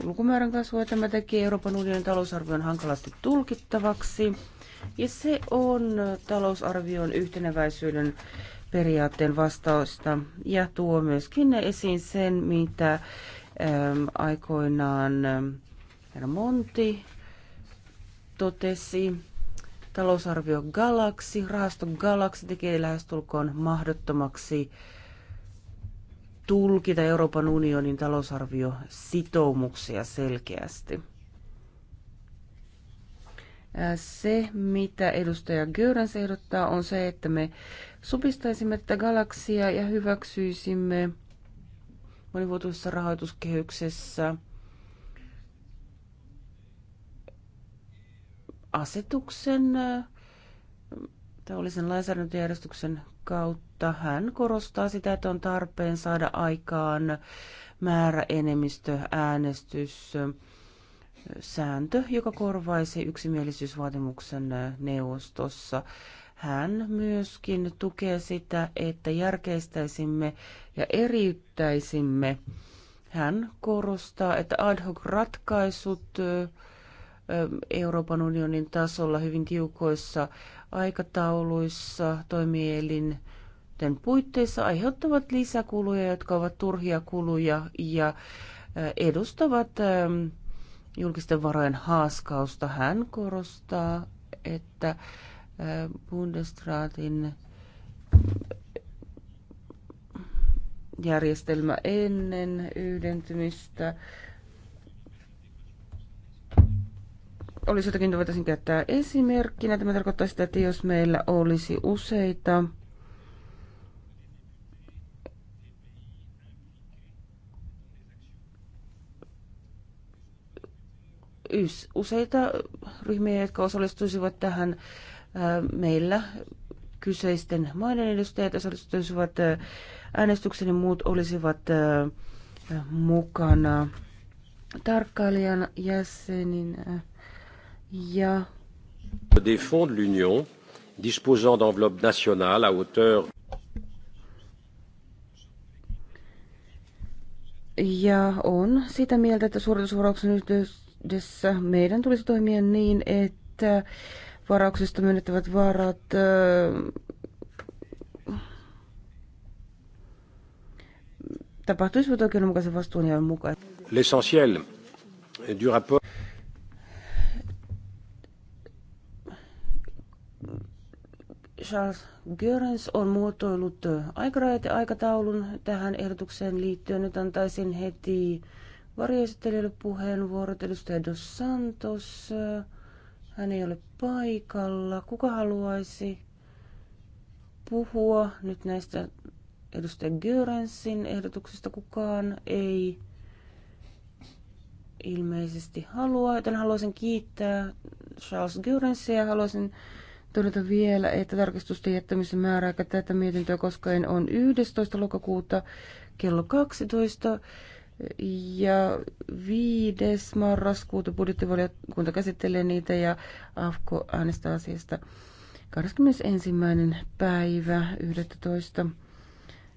lukumäärän kasvua. Tämä tekee Euroopan unionin talousarvion hankalasti tulkittavaksi. Ja se on talousarvion yhteneväisyyden periaatteen vastausta ja tuo myöskin esiin sen, mitä äm, aikoinaan herra Monti totesi. Talousarvio Galaxy, rahasto Galaxy tekee lähestulkoon mahdottomaksi tulkita Euroopan unionin talousarviositoumuksia selkeästi. Se, mitä edustaja Göräns ehdottaa, on se, että me supistaisimme tätä galaksia ja hyväksyisimme monivuotuisessa rahoituskehyksessä asetuksen tavallisen lainsäädäntöjärjestyksen kautta. Hän korostaa sitä, että on tarpeen saada aikaan määräenemmistöäänestys sääntö, joka korvaisi yksimielisyysvaatimuksen neuvostossa hän myöskin tukee sitä, että järkeistäisimme ja eriyttäisimme. Hän korostaa, että ad hoc ratkaisut Euroopan unionin tasolla hyvin tiukoissa aikatauluissa toimielin tämän puitteissa aiheuttavat lisäkuluja, jotka ovat turhia kuluja ja edustavat julkisten varojen haaskausta. Hän korostaa, että Bundesraatin järjestelmä ennen yhdentymistä. Olisi jotakin, että voitaisiin käyttää esimerkkinä. Tämä tarkoittaa sitä, että jos meillä olisi useita useita ryhmiä, jotka osallistuisivat tähän meillä kyseisten maiden edustajat osallistuisivat äänestyksen ja muut olisivat mukana tarkkailijan jäseninä. Ja des fonds de l'Union disposant d'enveloppe nationale à hauteur Ja on sitä mieltä, että suoritusvarauksen yhteydessä meidän tulisi toimia niin, että varauksista menettävät varat äh, tapahtuisivat oikeudenmukaisen vastuun ja mukaan. L'essentiel du rapport... Charles Görens on muotoillut aikarajat ja aikataulun tähän ehdotukseen liittyen. Nyt antaisin heti varjoesittelijöille puheenvuorot. Edustaja Dos Santos, hän ei ole paikalla. Kuka haluaisi puhua nyt näistä edustaja Görensin ehdotuksista? Kukaan ei ilmeisesti halua, joten haluaisin kiittää Charles Görensia ja haluaisin todeta vielä, että tarkistusten jättämisen määräaika tätä mietintöä koskaan on 11. lokakuuta kello 12. Ja viides marraskuuta budjettivaliokunta käsittelee niitä ja AFKO äänestää asiasta 21. päivä 11.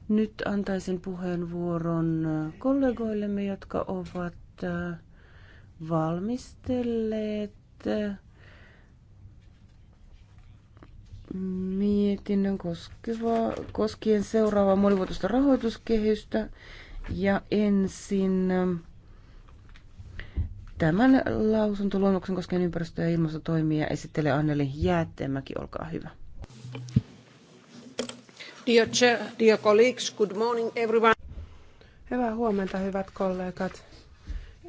Nyt antaisin puheenvuoron kollegoillemme, jotka ovat äh, valmistelleet äh, mietinnön koskeva, koskien seuraavaa monivuotista rahoituskehystä ja ensin ähm, tämän lausuntoluonnoksen koskien ympäristö- ja ilmastotoimia esittelee Anneli Jäätteenmäki, olkaa hyvä. Dear, chair, dear colleagues, good morning everyone. Hyvää huomenta, hyvät kollegat.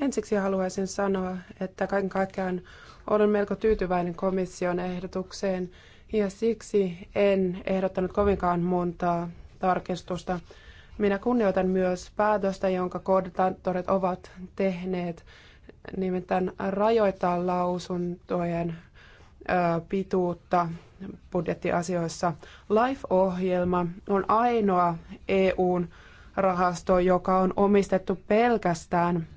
Ensiksi haluaisin sanoa, että kaiken kaikkiaan olen melko tyytyväinen komission ehdotukseen ja siksi en ehdottanut kovinkaan montaa tarkistusta. Minä kunnioitan myös päätöstä, jonka koordinaattorit ovat tehneet, nimittäin rajoittaa lausuntojen pituutta budjettiasioissa. LIFE-ohjelma on ainoa EUn rahasto, joka on omistettu pelkästään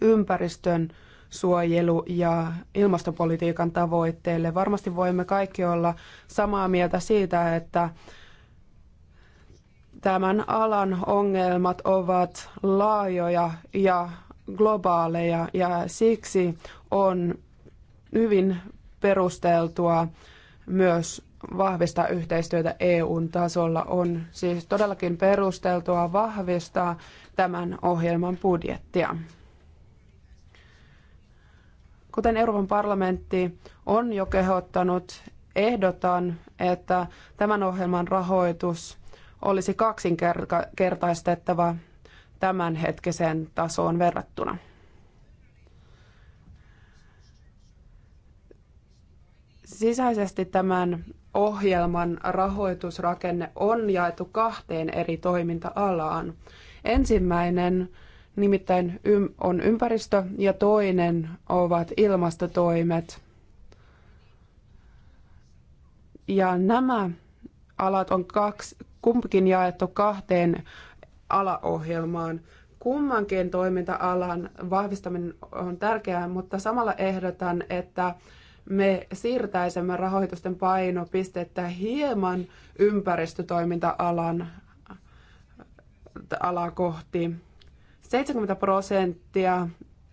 ympäristön suojelu- ja ilmastopolitiikan tavoitteille. Varmasti voimme kaikki olla samaa mieltä siitä, että tämän alan ongelmat ovat laajoja ja globaaleja ja siksi on hyvin perusteltua myös vahvistaa yhteistyötä EUn tasolla. On siis todellakin perusteltua vahvistaa tämän ohjelman budjettia. Kuten Euroopan parlamentti on jo kehottanut, ehdotan, että tämän ohjelman rahoitus olisi kaksinkertaistettava tämänhetkiseen tasoon verrattuna. Sisäisesti tämän ohjelman rahoitusrakenne on jaettu kahteen eri toiminta-alaan. Ensimmäinen nimittäin on ympäristö ja toinen ovat ilmastotoimet. Ja nämä alat on kaksi, kumpikin jaettu kahteen alaohjelmaan. Kummankin toiminta-alan vahvistaminen on tärkeää, mutta samalla ehdotan, että me siirtäisimme rahoitusten painopistettä hieman ympäristötoiminta-alan alaa kohti. 70 prosenttia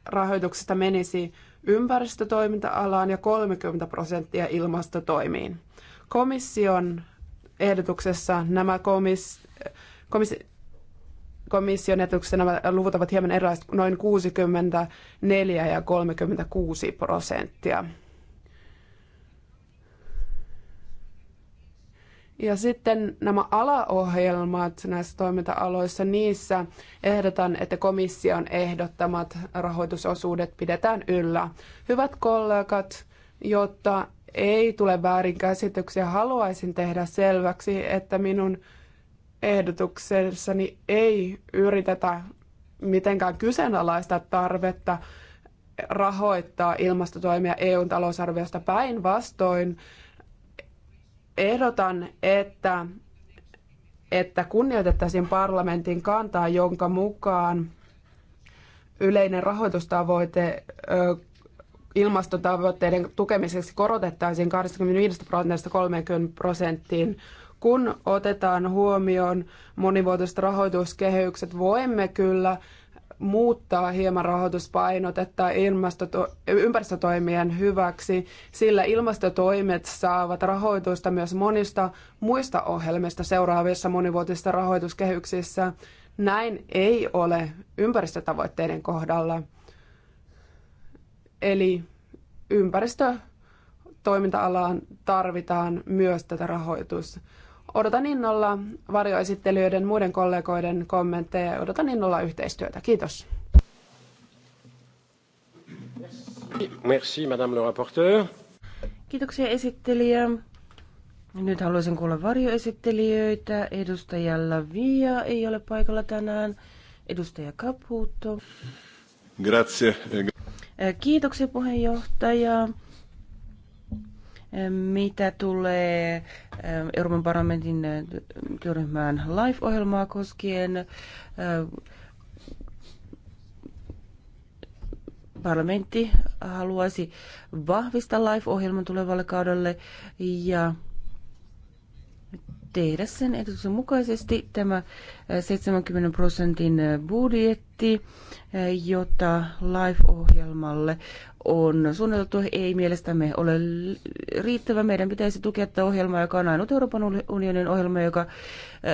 rahoituksesta menisi ympäristötoiminta-alaan ja 30 prosenttia ilmastotoimiin. Komission ehdotuksessa nämä komis, komis, komission ehdotuksessa nämä luvut ovat hieman erilaiset, noin 64 ja 36 prosenttia. Ja sitten nämä alaohjelmat näissä toiminta-aloissa, niissä ehdotan, että komission ehdottamat rahoitusosuudet pidetään yllä. Hyvät kollegat, jotta ei tule väärinkäsityksiä, haluaisin tehdä selväksi, että minun ehdotuksessani ei yritetä mitenkään kyseenalaista tarvetta rahoittaa ilmastotoimia EUn talousarviosta päinvastoin. Ehdotan, että, että kunnioitettaisiin parlamentin kantaa, jonka mukaan yleinen rahoitustavoite ilmastotavoitteiden tukemiseksi korotettaisiin 25 prosentista 30 prosenttiin. Kun otetaan huomioon monivuotiset rahoituskehykset, voimme kyllä muuttaa hieman rahoituspainotetta ilmastoto- ympäristötoimien hyväksi, sillä ilmastotoimet saavat rahoitusta myös monista muista ohjelmista seuraavissa monivuotisissa rahoituskehyksissä. Näin ei ole ympäristötavoitteiden kohdalla. Eli ympäristötoiminta-alaan tarvitaan myös tätä rahoitusta. Odotan innolla varjoesittelijöiden muiden kollegoiden kommentteja ja odotan innolla yhteistyötä. Kiitos. Merci, madame le rapporteur. Kiitoksia esittelijä. Nyt haluaisin kuulla varjoesittelijöitä. Edustaja Lavia ei ole paikalla tänään. Edustaja Caputo. Grazie. Kiitoksia puheenjohtaja. Mitä tulee Euroopan parlamentin työryhmään live-ohjelmaa koskien, parlamentti haluaisi vahvistaa live-ohjelman tulevalle kaudelle ja tehdä sen ehdotuksen mukaisesti tämä 70 äh, prosentin äh, budjetti, äh, jota LIFE-ohjelmalle on suunniteltu, ei mielestämme ole riittävä. Meidän pitäisi tukea tätä ohjelmaa, joka on ainut Euroopan unionin ohjelma, joka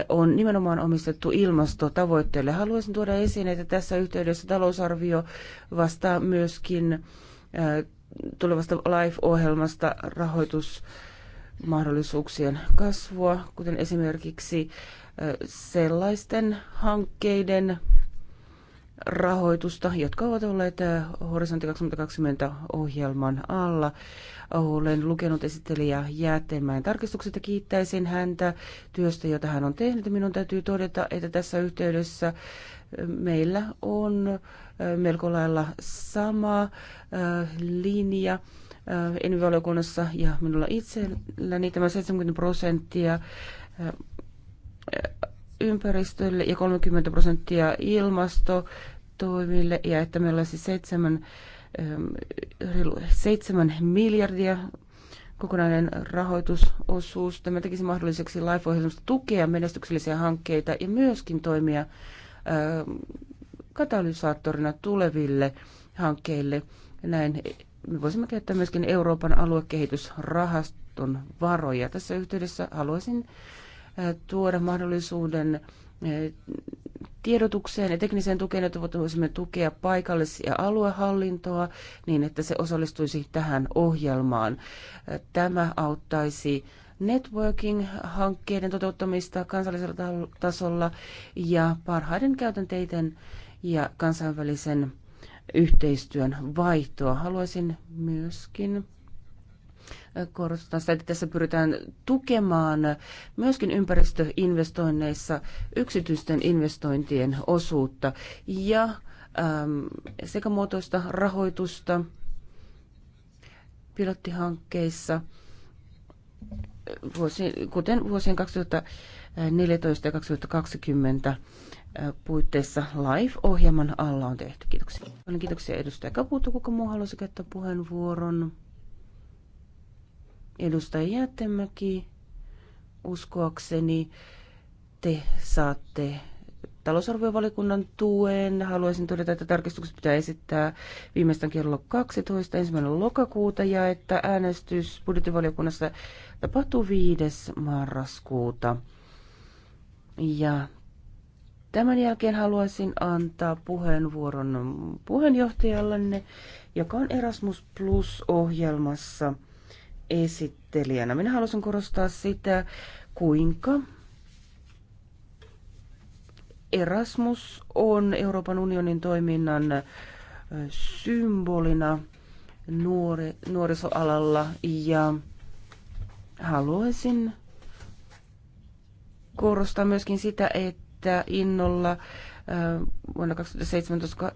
on nimenomaan omistettu ilmastotavoitteelle. Haluaisin tuoda esiin, että tässä yhteydessä talousarvio vastaa myöskin tulevasta LIFE-ohjelmasta rahoitus mahdollisuuksien kasvua, kuten esimerkiksi sellaisten hankkeiden rahoitusta, jotka ovat olleet Horisontti 2020 ohjelman alla. Olen lukenut esittelijä Jäätteenmäen tarkistukset ja kiittäisin häntä työstä, jota hän on tehnyt. Minun täytyy todeta, että tässä yhteydessä meillä on melko lailla sama linja ENVI-valiokunnassa ja minulla itselläni tämä 70 prosenttia ympäristölle ja 30 prosenttia ilmastotoimille ja että meillä olisi seitsemän, seitsemän miljardia kokonainen rahoitusosuus. Tämä tekisi mahdolliseksi LIFE-ohjelmasta tukea menestyksellisiä hankkeita ja myöskin toimia katalysaattorina tuleville hankkeille. Näin me voisimme käyttää myöskin Euroopan aluekehitysrahaston varoja. Tässä yhteydessä haluaisin tuoda mahdollisuuden tiedotukseen ja tekniseen tukeen, että voisimme tukea paikallis- ja aluehallintoa niin, että se osallistuisi tähän ohjelmaan. Tämä auttaisi networking-hankkeiden toteuttamista kansallisella tasolla ja parhaiden käytänteiden ja kansainvälisen yhteistyön vaihtoa. Haluaisin myöskin äh, korostaa sitä, että tässä pyritään tukemaan myöskin ympäristöinvestoinneissa yksityisten investointien osuutta ja äm, sekä muotoista rahoitusta pilottihankkeissa, vuosien kuten vuosien 2014 ja 2020 puitteissa live-ohjelman alla on tehty. Kiitoksia. kiitoksia edustaja Kaputo. Kuka muu haluaisi käyttää puheenvuoron? Edustaja Jäätemäki, uskoakseni te saatte talousarviovaliokunnan tuen. Haluaisin todeta, että tarkistukset pitää esittää viimeistään kello 12. ensimmäinen lokakuuta ja että äänestys budjettivaliokunnassa tapahtuu 5. marraskuuta. Ja Tämän jälkeen haluaisin antaa puheenvuoron puheenjohtajallenne, joka on Erasmus Plus-ohjelmassa esittelijänä. Minä haluaisin korostaa sitä, kuinka Erasmus on Euroopan unionin toiminnan symbolina nuori, nuorisoalalla ja haluaisin korostaa myöskin sitä, että jännittää innolla äh, vuonna 2017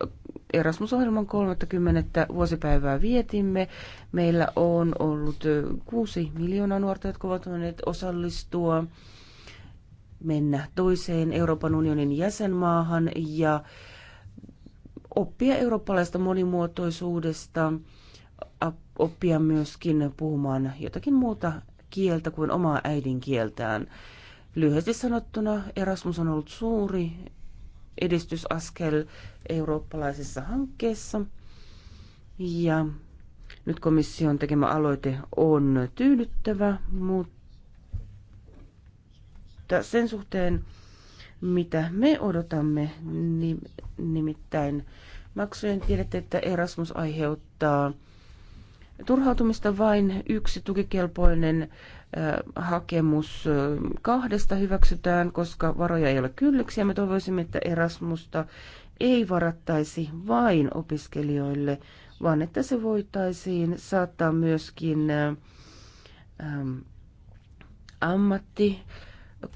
Erasmus-ohjelman 30. vuosipäivää vietimme. Meillä on ollut äh, kuusi miljoonaa nuorta, jotka ovat voineet osallistua, mennä toiseen Euroopan unionin jäsenmaahan ja oppia eurooppalaista monimuotoisuudesta, oppia myöskin puhumaan jotakin muuta kieltä kuin omaa äidinkieltään. Lyhyesti sanottuna Erasmus on ollut suuri edistysaskel eurooppalaisessa hankkeessa. Ja nyt komission tekemä aloite on tyydyttävä, mutta sen suhteen, mitä me odotamme, nimittäin maksujen tiedätte, että Erasmus aiheuttaa turhautumista vain yksi tukikelpoinen hakemus kahdesta hyväksytään, koska varoja ei ole kylliksi ja me toivoisimme, että Erasmusta ei varattaisi vain opiskelijoille, vaan että se voitaisiin saattaa myöskin ammatti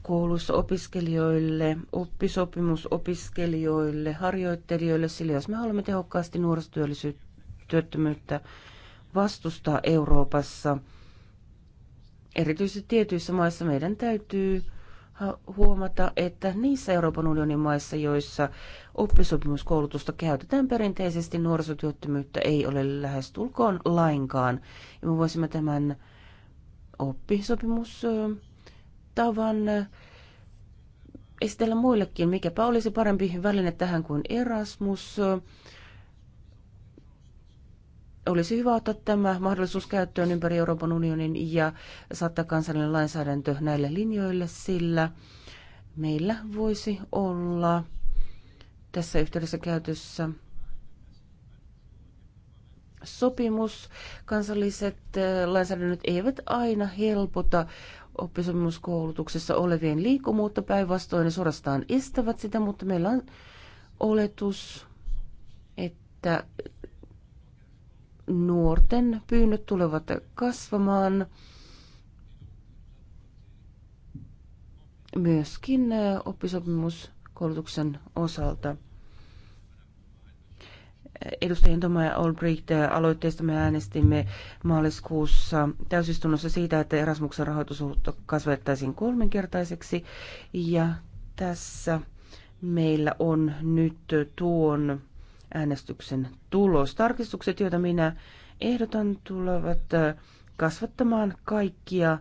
koulussa opiskelijoille, oppisopimusopiskelijoille, harjoittelijoille, sillä jos me haluamme tehokkaasti nuorisotyöllisyyttä, työttömyyttä vastustaa Euroopassa. Erityisesti tietyissä maissa meidän täytyy huomata, että niissä Euroopan unionin maissa, joissa oppisopimuskoulutusta käytetään perinteisesti, nuorisotyöttömyyttä ei ole lähestulkoon lainkaan. Ja me voisimme tämän oppisopimustavan esitellä muillekin, mikäpä olisi parempi väline tähän kuin Erasmus, olisi hyvä ottaa tämä mahdollisuus käyttöön ympäri Euroopan unionin ja saattaa kansallinen lainsäädäntö näille linjoille, sillä meillä voisi olla tässä yhteydessä käytössä sopimus. Kansalliset eh, lainsäädännöt eivät aina helpota oppisopimuskoulutuksessa olevien liikkumuutta päinvastoin. Ne suorastaan estävät sitä, mutta meillä on oletus, että nuorten pyynnöt tulevat kasvamaan. Myöskin oppisopimuskoulutuksen osalta. Edustajien Toma ja Olbricht aloitteesta me äänestimme maaliskuussa täysistunnossa siitä, että Erasmuksen rahoitusuutta kasvettaisiin kolminkertaiseksi. Ja tässä meillä on nyt tuon äänestyksen tulos. Tarkistukset, joita minä ehdotan, tulevat äh, kasvattamaan kaikkia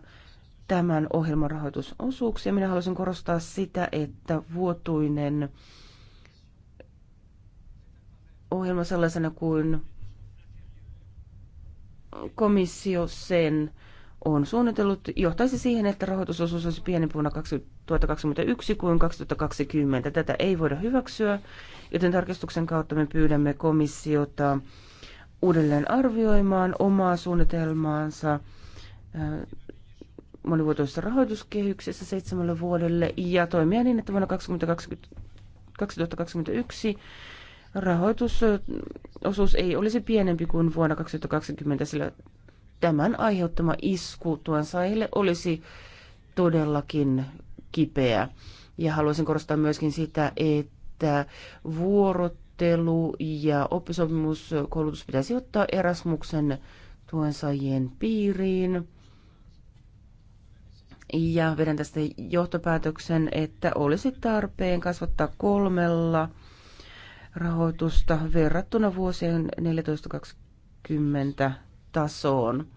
tämän ohjelman rahoitusosuuksia. Minä haluaisin korostaa sitä, että vuotuinen ohjelma sellaisena kuin komissio sen on suunnitellut, johtaisi siihen, että rahoitusosuus olisi pienempi vuonna 2021 kuin 2020. Tätä ei voida hyväksyä, joten tarkistuksen kautta me pyydämme komissiota uudelleen arvioimaan omaa suunnitelmaansa äh, monivuotoisessa rahoituskehyksessä seitsemälle vuodelle ja toimia niin, että vuonna 2020, 2021 rahoitusosuus ei olisi pienempi kuin vuonna 2020, sillä tämän aiheuttama isku tuen saajille olisi todellakin kipeä. Ja haluaisin korostaa myöskin sitä, että vuorottelu ja oppisopimuskoulutus pitäisi ottaa Erasmuksen tuensaajien piiriin. Ja vedän tästä johtopäätöksen, että olisi tarpeen kasvattaa kolmella rahoitusta verrattuna vuosien 1420 tasoon.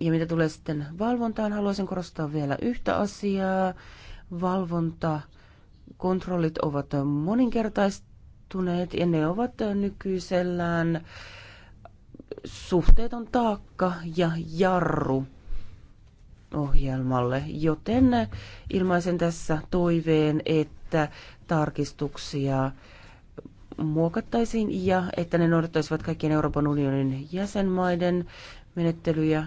Ja mitä tulee sitten valvontaan, haluaisin korostaa vielä yhtä asiaa. Valvonta, kontrollit ovat moninkertaistuneet ja ne ovat nykyisellään suhteeton taakka ja jarru ohjelmalle, joten ilmaisen tässä toiveen, että tarkistuksia muokattaisiin ja että ne noudattaisivat kaikkien Euroopan unionin jäsenmaiden menettelyjä.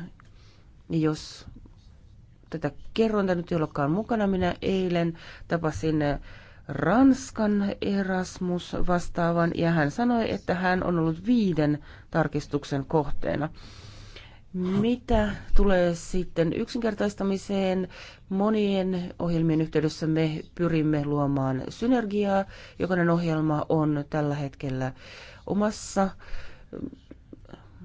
Jos tätä kerronta nyt jollakaan mukana, minä eilen tapasin Ranskan Erasmus vastaavan ja hän sanoi, että hän on ollut viiden tarkistuksen kohteena. Mitä tulee sitten yksinkertaistamiseen, monien ohjelmien yhteydessä me pyrimme luomaan synergiaa. Jokainen ohjelma on tällä hetkellä omassa mm,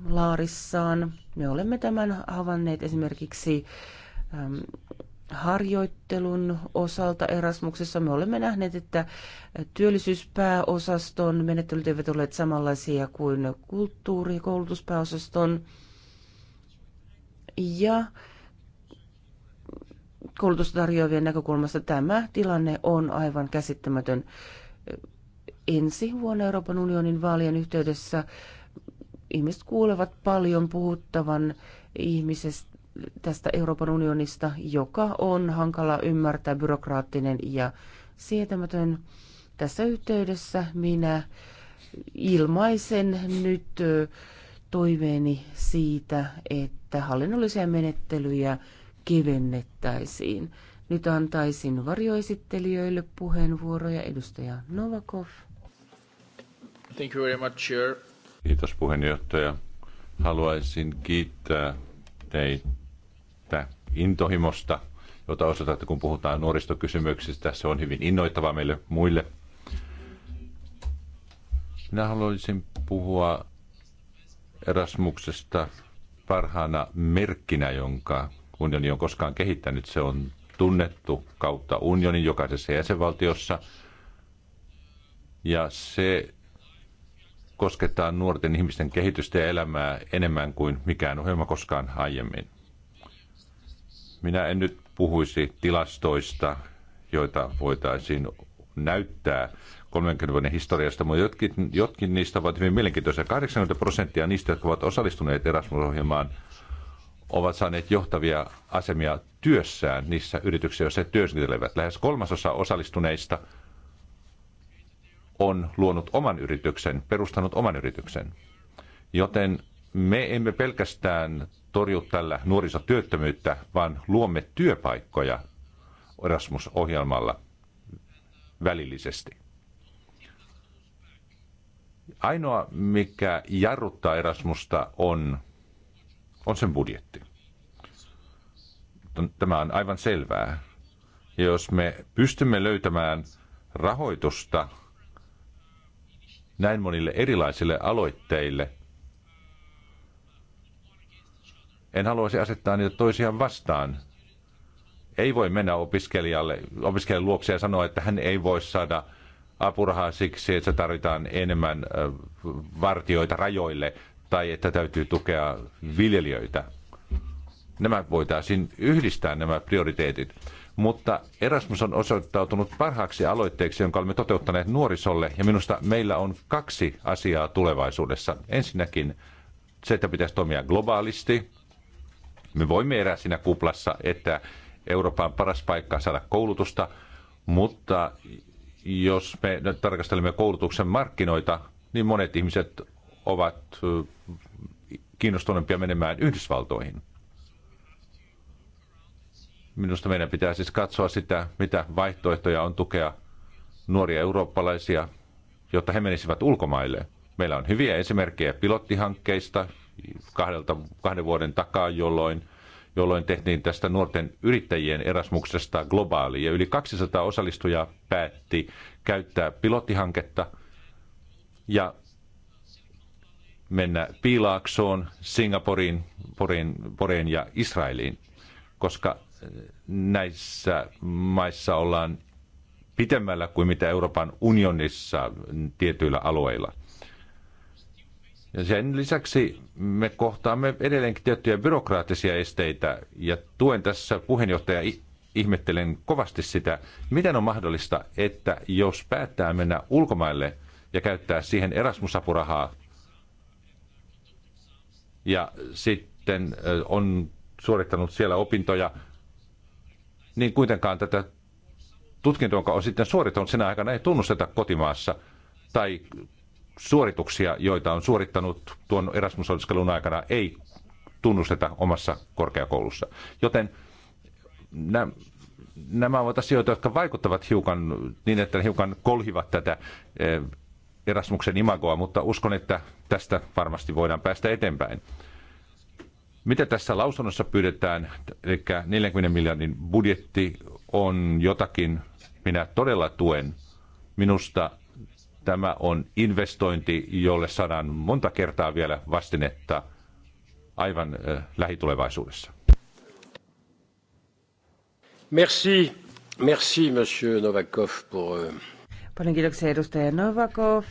laarissaan. Me olemme tämän havanneet esimerkiksi äm, mm, harjoittelun osalta Erasmuksessa. Me olemme nähneet, että työllisyyspääosaston menettelyt eivät ole samanlaisia kuin kulttuuri- ja koulutuspääosaston ja koulutusta tarjoavien näkökulmasta tämä tilanne on aivan käsittämätön. Ensi vuonna Euroopan unionin vaalien yhteydessä ihmiset kuulevat paljon puhuttavan ihmisestä tästä Euroopan unionista, joka on hankala ymmärtää, byrokraattinen ja sietämätön. Tässä yhteydessä minä ilmaisen nyt toiveeni siitä, että hallinnollisia menettelyjä kevennettäisiin. Nyt antaisin varjoesittelijöille puheenvuoroja. Edustaja Novakov. Thank you very much, Chair. Kiitos puheenjohtaja. Haluaisin kiittää teitä intohimosta, jota osoitatte, kun puhutaan nuoristokysymyksistä. Se on hyvin innoittava meille muille. Minä haluaisin puhua Erasmuksesta parhaana merkkinä, jonka unioni on koskaan kehittänyt. Se on tunnettu kautta unionin jokaisessa jäsenvaltiossa. Ja se koskettaa nuorten ihmisten kehitystä ja elämää enemmän kuin mikään ohjelma koskaan aiemmin. Minä en nyt puhuisi tilastoista, joita voitaisiin näyttää, 30 vuoden historiasta, mutta jotkin, jotkin niistä ovat hyvin mielenkiintoisia. 80 prosenttia niistä, jotka ovat osallistuneet Erasmus-ohjelmaan, ovat saaneet johtavia asemia työssään niissä yrityksissä, joissa he työskentelevät. Lähes kolmasosa osallistuneista on luonut oman yrityksen, perustanut oman yrityksen. Joten me emme pelkästään torju tällä nuorisotyöttömyyttä, vaan luomme työpaikkoja Erasmus-ohjelmalla välillisesti. Ainoa, mikä jarruttaa Erasmusta, on, on sen budjetti. Tämä on aivan selvää. Ja jos me pystymme löytämään rahoitusta näin monille erilaisille aloitteille, en haluaisi asettaa niitä toisiaan vastaan. Ei voi mennä opiskelijalle, opiskelijan luokse ja sanoa, että hän ei voi saada – apurahaa siksi, että tarvitaan enemmän vartioita rajoille tai että täytyy tukea viljelijöitä. Nämä voitaisiin yhdistää nämä prioriteetit. Mutta Erasmus on osoittautunut parhaaksi aloitteeksi, jonka olemme toteuttaneet nuorisolle, ja minusta meillä on kaksi asiaa tulevaisuudessa. Ensinnäkin se, että pitäisi toimia globaalisti. Me voimme erää siinä kuplassa, että Eurooppa on paras paikka saada koulutusta, mutta jos me nyt tarkastelemme koulutuksen markkinoita, niin monet ihmiset ovat kiinnostuneempia menemään Yhdysvaltoihin. Minusta meidän pitää siis katsoa sitä, mitä vaihtoehtoja on tukea nuoria eurooppalaisia, jotta he menisivät ulkomaille. Meillä on hyviä esimerkkejä pilottihankkeista kahdelta, kahden vuoden takaa, jolloin – jolloin tehtiin tästä nuorten yrittäjien Erasmuksesta globaali. Ja yli 200 osallistujaa päätti käyttää pilottihanketta ja mennä Piilaaksoon, Singaporiin, Poreen, Poreen ja Israeliin, koska eh, näissä maissa ollaan pitemmällä kuin mitä Euroopan unionissa mm, tietyillä alueilla – ja sen lisäksi me kohtaamme edelleenkin tiettyjä byrokraattisia esteitä, ja tuen tässä puheenjohtaja ihmettelen kovasti sitä, miten on mahdollista, että jos päättää mennä ulkomaille ja käyttää siihen Erasmus-apurahaa, ja sitten on suorittanut siellä opintoja, niin kuitenkaan tätä tutkintoa, jonka on sitten suorittanut sen aikana, ei tunnusteta kotimaassa. Tai suorituksia, joita on suorittanut tuon Erasmus-opiskelun aikana, ei tunnusteta omassa korkeakoulussa. Joten nämä, nämä ovat asioita, jotka vaikuttavat hiukan niin, että hiukan kolhivat tätä eh, Erasmuksen imagoa, mutta uskon, että tästä varmasti voidaan päästä eteenpäin. Mitä tässä lausunnossa pyydetään, eli 40 miljardin budjetti on jotakin, minä todella tuen. Minusta Tämä on investointi, jolle saadaan monta kertaa vielä vastinetta aivan lähitulevaisuudessa. Merci. Merci, monsieur Novakov, pour... Paljon kiitoksia edustaja Novakov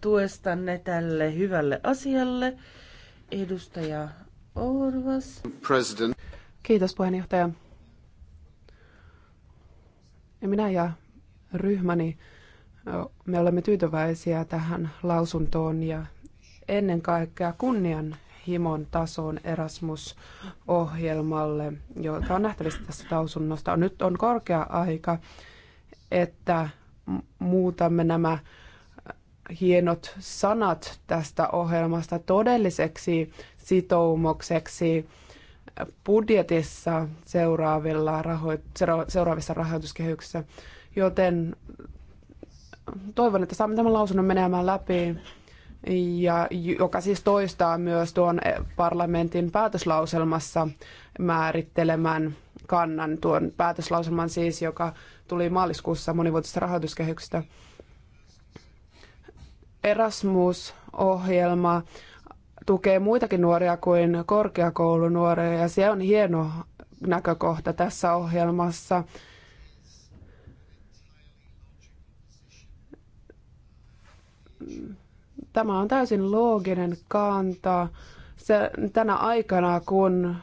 tuestanne tälle hyvälle asialle. Edustaja Orvas. President. Kiitos puheenjohtaja. Ja minä ja ryhmäni me olemme tyytyväisiä tähän lausuntoon ja ennen kaikkea kunnianhimon tasoon Erasmus-ohjelmalle, joka on nähtävissä tässä lausunnosta. Nyt on korkea aika, että muutamme nämä hienot sanat tästä ohjelmasta todelliseksi sitoumukseksi budjetissa seuraavilla rahoit- seuraavissa rahoituskehyksissä, joten toivon, että saamme tämän lausunnon menemään läpi, ja joka siis toistaa myös tuon eh, parlamentin päätöslauselmassa määrittelemän kannan, tuon päätöslauselman siis, joka tuli maaliskuussa monivuotisesta rahoituskehyksestä. Erasmus-ohjelma tukee muitakin nuoria kuin korkeakoulunuoria ja se on hieno näkökohta tässä ohjelmassa. tämä on täysin looginen kanta se, tänä aikana, kun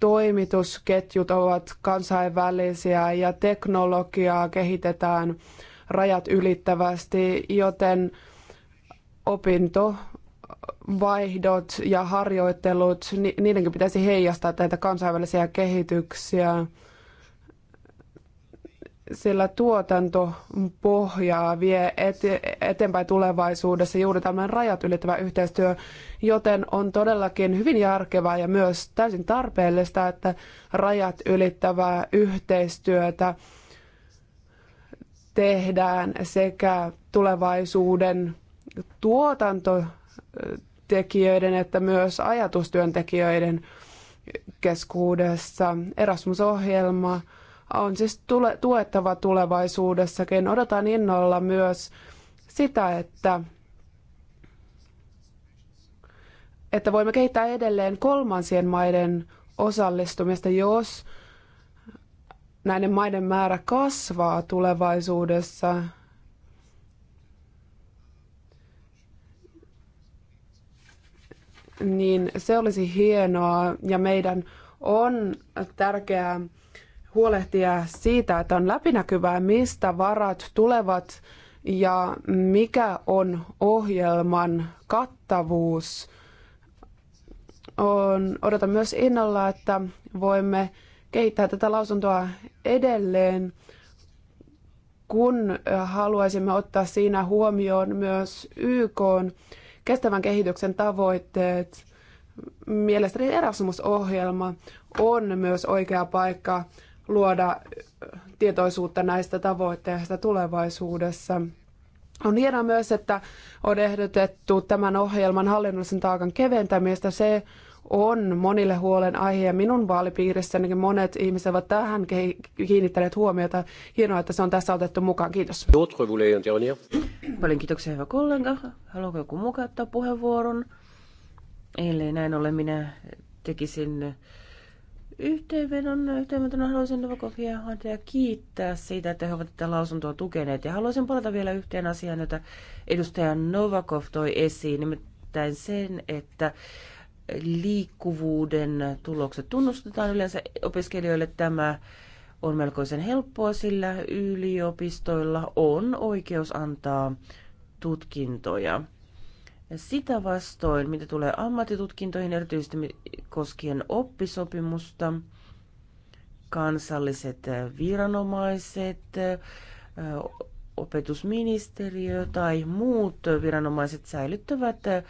toimitusketjut ovat kansainvälisiä ja teknologiaa kehitetään rajat ylittävästi, joten opinto vaihdot ja harjoittelut, niidenkin pitäisi heijastaa tätä kansainvälisiä kehityksiä sillä tuotantopohjaa vie eteenpäin tulevaisuudessa juuri tämän rajat ylittävä yhteistyö, joten on todellakin hyvin järkevää ja myös täysin tarpeellista, että rajat ylittävää yhteistyötä tehdään sekä tulevaisuuden tuotantotekijöiden että myös ajatustyöntekijöiden keskuudessa. Erasmus-ohjelma on siis tule, tuettava tulevaisuudessakin. Odotan innolla myös sitä, että, että voimme kehittää edelleen kolmansien maiden osallistumista, jos näiden maiden määrä kasvaa tulevaisuudessa. Niin se olisi hienoa ja meidän on tärkeää huolehtia siitä, että on läpinäkyvää, mistä varat tulevat ja mikä on ohjelman kattavuus. On, odotan myös innolla, että voimme kehittää tätä lausuntoa edelleen, kun haluaisimme ottaa siinä huomioon myös YK kestävän kehityksen tavoitteet. Mielestäni Erasmus-ohjelma on myös oikea paikka luoda tietoisuutta näistä tavoitteista tulevaisuudessa. On hienoa myös, että on ehdotettu tämän ohjelman hallinnollisen taakan keventämistä. Se on monille huolen aihe ja minun vaalipiirissäni monet ihmiset ovat tähän kiinnittäneet huomiota. Hienoa, että se on tässä otettu mukaan. Kiitos. Paljon kiitoksia hyvä kollega. Haluaako joku mukaan ottaa puheenvuoron? Ellei näin ole, minä tekisin yhteenvedon. Yhteenvedon haluaisin Novakovia ja kiittää siitä, että he ovat tätä lausuntoa tukeneet. Ja haluaisin palata vielä yhteen asiaan, jota edustaja Novakov toi esiin, nimittäin sen, että liikkuvuuden tulokset tunnustetaan yleensä opiskelijoille tämä on melkoisen helppoa, sillä yliopistoilla on oikeus antaa tutkintoja. Sitä vastoin, mitä tulee ammattitutkintoihin, erityisesti koskien oppisopimusta, kansalliset äh, viranomaiset, äh, opetusministeriö tai muut viranomaiset säilyttävät äh,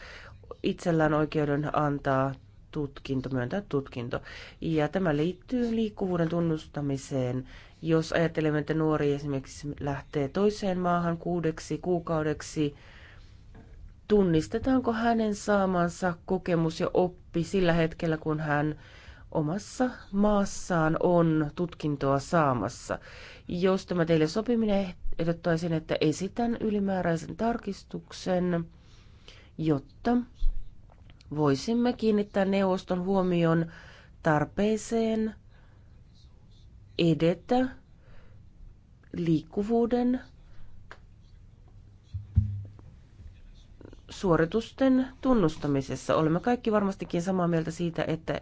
itsellään oikeuden antaa tutkinto, myöntää tutkinto. Ja tämä liittyy liikkuvuuden tunnustamiseen. Jos ajattelemme, että nuori esimerkiksi lähtee toiseen maahan kuudeksi kuukaudeksi, tunnistetaanko hänen saamansa kokemus ja oppi sillä hetkellä, kun hän omassa maassaan on tutkintoa saamassa. Jos tämä teille sopiminen ehdottaisin, että esitän ylimääräisen tarkistuksen, jotta voisimme kiinnittää neuvoston huomion tarpeeseen edetä liikkuvuuden suoritusten tunnustamisessa. Olemme kaikki varmastikin samaa mieltä siitä, että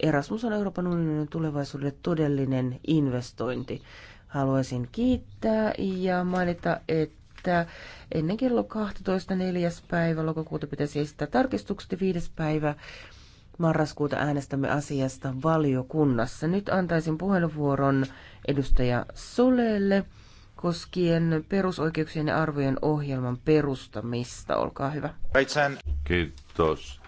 Erasmus on Euroopan unionin tulevaisuudelle todellinen investointi. Haluaisin kiittää ja mainita, että ennen kello 12. 4. päivä lokakuuta pitäisi esittää tarkistukset 5. päivä marraskuuta äänestämme asiasta valiokunnassa. Nyt antaisin puheenvuoron edustaja Solelle koskien perusoikeuksien ja arvojen ohjelman perustamista. Olkaa hyvä. Kiitos.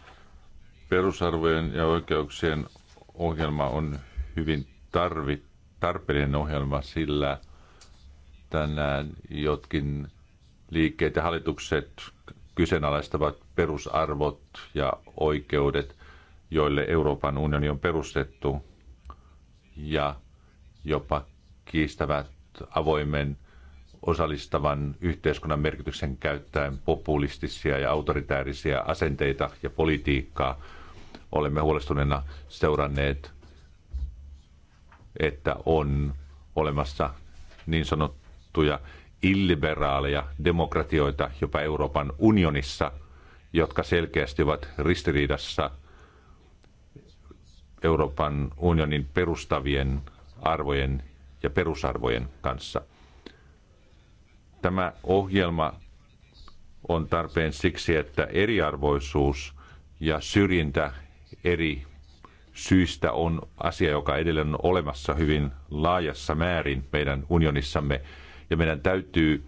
Perusarvojen ja oikeuksien ohjelma on hyvin tarvi, tarpeellinen ohjelma, sillä tänään jotkin liikkeet ja hallitukset kyseenalaistavat perusarvot ja oikeudet, joille Euroopan unioni on perustettu, ja jopa kiistävät avoimen osallistavan yhteiskunnan merkityksen käyttäen populistisia ja autoritäärisiä asenteita ja politiikkaa. Olemme huolestuneena seuranneet, että on olemassa niin sanottuja illiberaaleja demokratioita jopa Euroopan unionissa, jotka selkeästi ovat ristiriidassa Euroopan unionin perustavien arvojen ja perusarvojen kanssa. Tämä ohjelma on tarpeen siksi, että eriarvoisuus ja syrjintä eri syistä on asia, joka edelleen on olemassa hyvin laajassa määrin meidän unionissamme. Ja meidän täytyy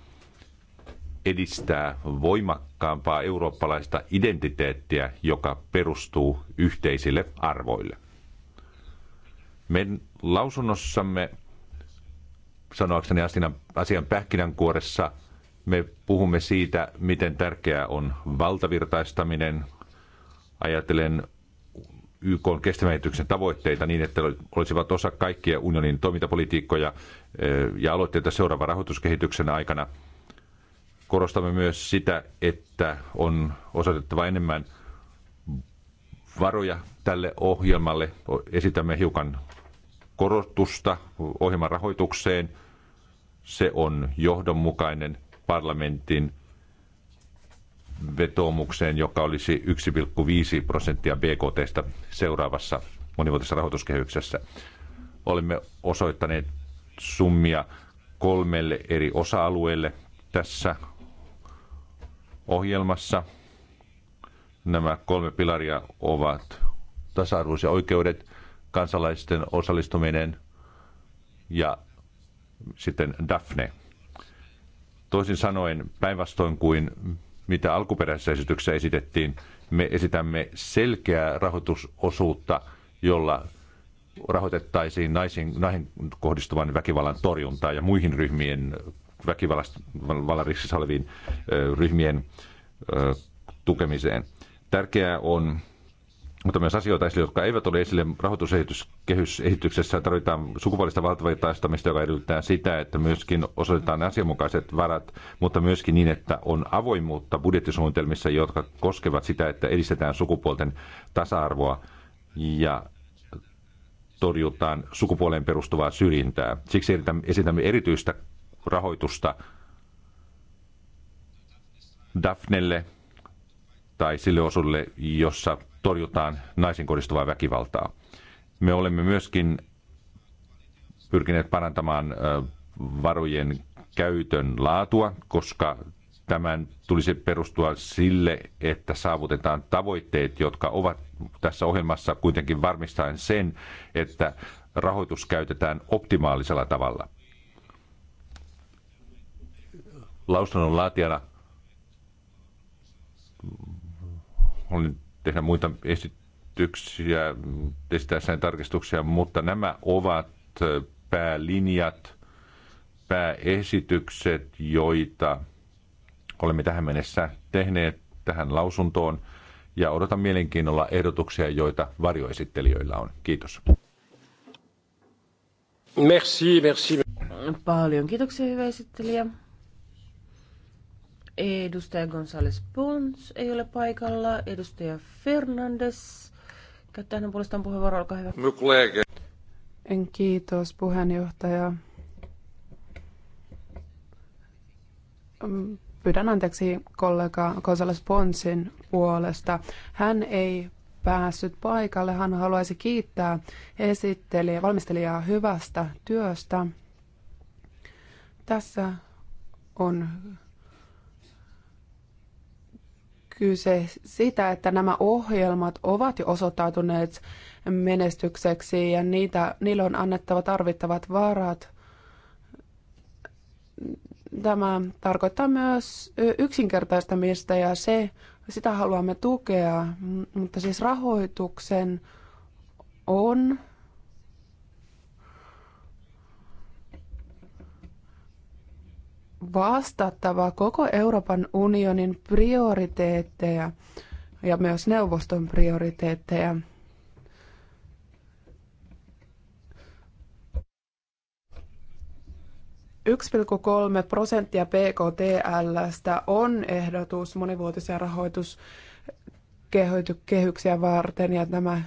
edistää voimakkaampaa eurooppalaista identiteettiä, joka perustuu yhteisille arvoille. Me lausunnossamme sanoakseni asian, asian pähkinänkuoressa. Me puhumme siitä, miten tärkeää on valtavirtaistaminen. Ajatellen YK on kestävän tavoitteita niin, että olisivat osa kaikkia unionin toimintapolitiikkoja eh, ja aloitteita seuraavan rahoituskehityksen aikana. Korostamme myös sitä, että on osoitettava enemmän varoja tälle ohjelmalle. Esitämme hiukan korotusta ohjelman rahoitukseen. Se on johdonmukainen parlamentin vetoomukseen, joka olisi 1,5 prosenttia BKT seuraavassa monivuotisessa rahoituskehyksessä. Olemme osoittaneet summia kolmelle eri osa-alueelle tässä ohjelmassa. Nämä kolme pilaria ovat tasa-arvoiset oikeudet, kansalaisten osallistuminen ja sitten Daphne. Toisin sanoen, päinvastoin kuin mitä alkuperäisessä esityksessä esitettiin, me esitämme selkeää rahoitusosuutta, jolla rahoitettaisiin naisiin, naihin kohdistuvan väkivallan torjuntaa ja muihin ryhmien väkivallan riskissä oleviin ryhmien tukemiseen. Tärkeää on mutta myös asioita esille, jotka eivät ole esille rahoituskehysesityksessä. Tarvitaan sukupuolista valtavirtaistamista, joka edellyttää sitä, että myöskin osoitetaan asianmukaiset varat, mutta myöskin niin, että on avoimuutta budjettisuunnitelmissa, jotka koskevat sitä, että edistetään sukupuolten tasa-arvoa ja torjutaan sukupuoleen perustuvaa syrjintää. Siksi esitämme erityistä rahoitusta Daphnelle tai sille osulle, jossa torjutaan naisiin kohdistuvaa väkivaltaa. Me olemme myöskin pyrkineet parantamaan varojen käytön laatua, koska tämän tulisi perustua sille, että saavutetaan tavoitteet, jotka ovat tässä ohjelmassa kuitenkin varmistaen sen, että rahoitus käytetään optimaalisella tavalla. Lausunnon laatijana olin tehdä muita esityksiä, esittäessään tarkistuksia, mutta nämä ovat päälinjat, pääesitykset, joita olemme tähän mennessä tehneet tähän lausuntoon. Ja odotan mielenkiinnolla ehdotuksia, joita varjoesittelijöillä on. Kiitos. Merci, merci. Paljon kiitoksia, hyvä esittelijä. Edustaja González Pons ei ole paikalla. Edustaja Fernandes käyttää hänen puolestaan puheenvuoro. Olkaa hyvä. En kiitos puheenjohtaja. Pyydän anteeksi kollega González Ponsin puolesta. Hän ei päässyt paikalle. Hän haluaisi kiittää esittelijä, valmistelijaa hyvästä työstä. Tässä on kyse sitä, että nämä ohjelmat ovat jo osoittautuneet menestykseksi ja niitä, niille on annettava tarvittavat varat. Tämä tarkoittaa myös yksinkertaistamista ja se, sitä haluamme tukea, mutta siis rahoituksen on vastattava koko Euroopan unionin prioriteetteja ja myös neuvoston prioriteetteja. Yksi kolme prosenttia PKTLstä on ehdotus monivuotisia rahoituskehyksiä varten ja tämä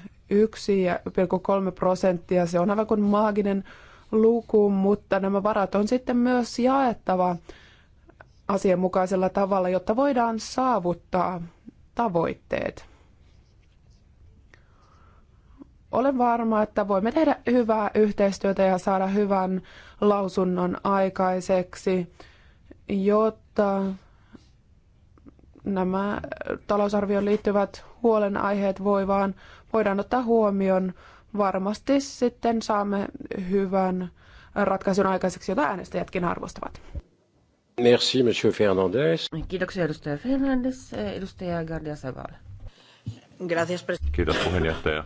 1,3 prosenttia, se on aivan kuin maaginen luku, mutta nämä varat on sitten myös jaettava asianmukaisella tavalla, jotta voidaan saavuttaa tavoitteet. Olen varma, että voimme tehdä hyvää yhteistyötä ja saada hyvän lausunnon aikaiseksi, jotta nämä talousarvioon liittyvät huolenaiheet voi vaan, voidaan ottaa huomioon varmasti sitten saamme hyvän ratkaisun aikaiseksi, jota äänestäjätkin arvostavat. Merci, monsieur Fernandez. Kiitoksia, edustaja Fernandez. Edustaja Gardia Saval. Gracias, Kiitos, puheenjohtaja.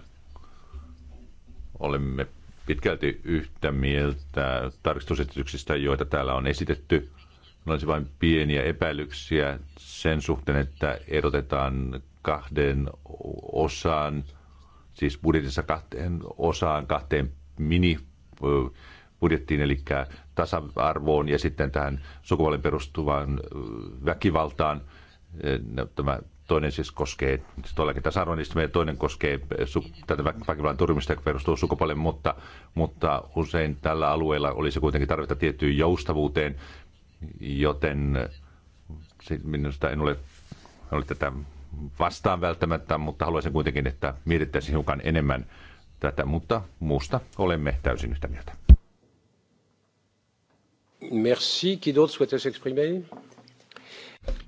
Olemme pitkälti yhtä mieltä tarkistusesityksistä, joita täällä on esitetty. Olisi vain pieniä epäilyksiä sen suhteen, että erotetaan kahden osaan – siis budjetissa kahteen osaan, kahteen mini budjettiin, eli tasa-arvoon ja sitten tähän sukupuolen perustuvaan väkivaltaan. No, tämä toinen siis koskee todellakin tasa ja toinen koskee tätä väkivallan torjumista, joka perustuu sukupuolen, mutta, mutta usein tällä alueella olisi kuitenkin tarvetta tiettyyn joustavuuteen, joten minusta en ole, en ole tätä vastaan välttämättä, mutta haluaisin kuitenkin, että mietittäisiin hiukan enemmän tätä, mutta muusta olemme täysin yhtä mieltä. Merci. Qui s'exprimer?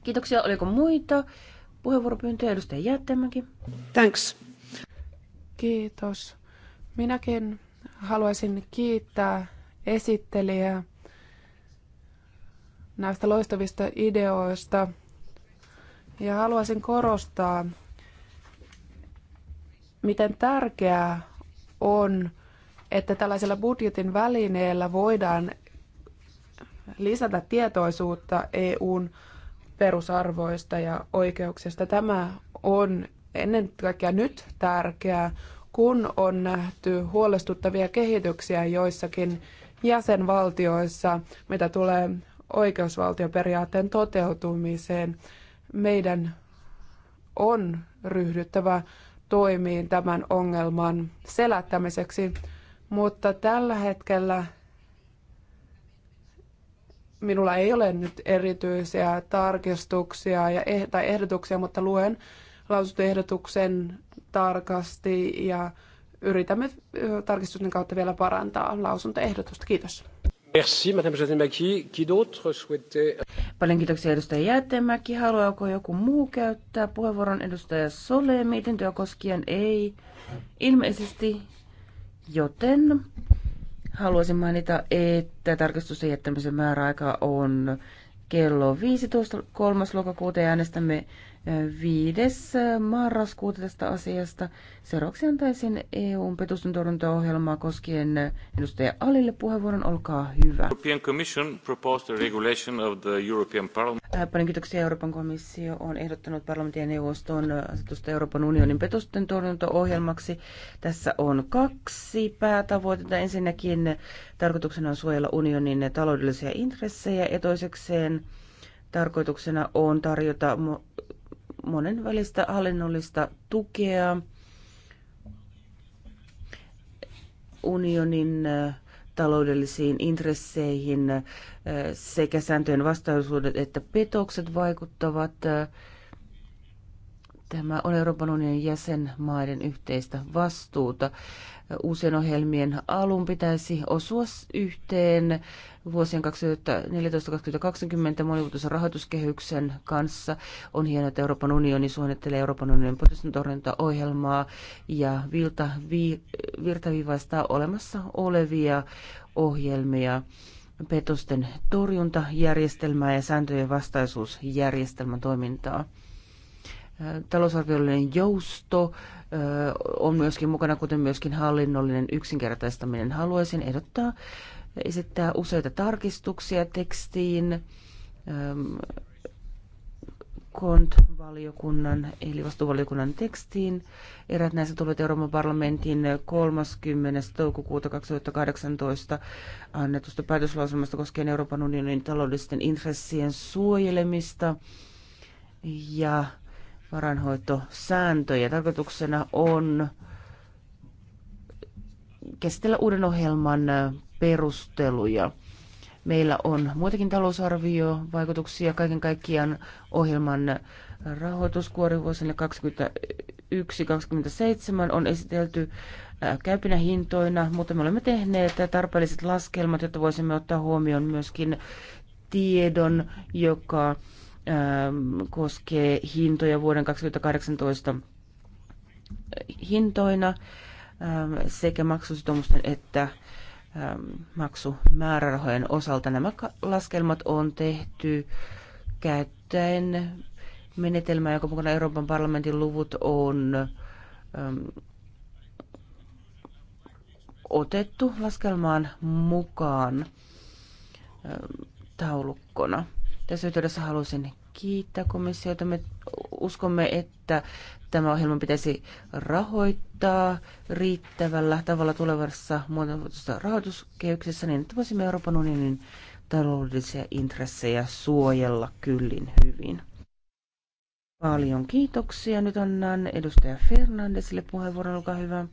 Kiitoksia. Oliko muita puheenvuoropyyntöjä? Edustaja Jäättämäki. Thanks. Kiitos. Minäkin haluaisin kiittää esittelijää näistä loistavista ideoista – ja haluaisin korostaa, miten tärkeää on, että tällaisella budjetin välineellä voidaan lisätä tietoisuutta EUn perusarvoista ja oikeuksista. Tämä on ennen kaikkea nyt tärkeää, kun on nähty huolestuttavia kehityksiä joissakin jäsenvaltioissa, mitä tulee oikeusvaltioperiaatteen toteutumiseen meidän on ryhdyttävä toimiin tämän ongelman selättämiseksi, mutta tällä hetkellä minulla ei ole nyt erityisiä tarkistuksia ja, eh- tai ehdotuksia, mutta luen lausuntoehdotuksen tarkasti ja yritämme tarkistusten kautta vielä parantaa lausuntoehdotusta. Kiitos. Merci, Madame Jätemäki. Qui d'autre souhaitait... Paljon kiitoksia edustaja Jätemäki. Haluaako joku muu käyttää puheenvuoron edustaja Sole? Mietintöä koskien ei ilmeisesti, joten haluaisin mainita, että tarkistusten jättämisen määräaika on kello 15.3. lokakuuta ja äänestämme 5. marraskuuta tästä asiasta. Seuraavaksi antaisin EUn petosten torjuntaohjelmaa koskien edustaja Alille puheenvuoron. Olkaa hyvä. European Commission proposed a regulation of the European Parliament. Äh, paljon kiitoksia. Euroopan komissio on ehdottanut parlamentin ja neuvoston asetusta Euroopan unionin petosten torjuntaohjelmaksi. Tässä on kaksi päätavoitetta. Ensinnäkin tarkoituksena on suojella unionin taloudellisia intressejä ja toisekseen tarkoituksena on tarjota monenvälistä hallinnollista tukea unionin taloudellisiin intresseihin sekä sääntöjen vastaisuudet että petokset vaikuttavat Tämä on Euroopan unionin jäsenmaiden yhteistä vastuuta. Uusien ohjelmien alun pitäisi osua yhteen vuosien 2014-2020 monivuotisen rahoituskehyksen kanssa. On hienoa, että Euroopan unioni suunnittelee Euroopan unionin potistontorjuntaohjelmaa ja vilta, vi, virtaviivaistaa olemassa olevia ohjelmia petosten torjuntajärjestelmää ja sääntöjen vastaisuusjärjestelmän toimintaa talousarviollinen jousto on myöskin mukana, kuten myöskin hallinnollinen yksinkertaistaminen. Haluaisin ehdottaa esittää useita tarkistuksia tekstiin ähm, KONT-valiokunnan, eli vastuuvaliokunnan tekstiin. Erät näistä tulevat Euroopan parlamentin 30. toukokuuta 2018 annetusta päätöslausumasta koskien Euroopan unionin taloudellisten intressien suojelemista ja varanhoitosääntöjä. Tarkoituksena on käsitellä uuden ohjelman perusteluja. Meillä on muitakin talousarviovaikutuksia. Kaiken kaikkiaan ohjelman rahoituskuori vuosina 2021-2027 on esitelty äh, käypinä hintoina, mutta me olemme tehneet tarpeelliset laskelmat, jotta voisimme ottaa huomioon myöskin tiedon, joka Ähm, koskee hintoja vuoden 2018 äh, hintoina ähm, sekä maksusitoumusten että ähm, maksumäärärahojen osalta. Nämä laskelmat on tehty käyttäen menetelmää, joka mukana Euroopan parlamentin luvut on otettu laskelmaan mukaan taulukkona. Tässä yhteydessä haluaisin kiittää komissiota. Me uskomme, että tämä ohjelma pitäisi rahoittaa riittävällä tavalla tulevassa muodossa rahoituskehyksessä niin, että voisimme Euroopan unionin taloudellisia intressejä suojella kyllin hyvin. Paljon kiitoksia. Nyt annan edustaja Fernandesille puheenvuoron. Olkaa hyvä.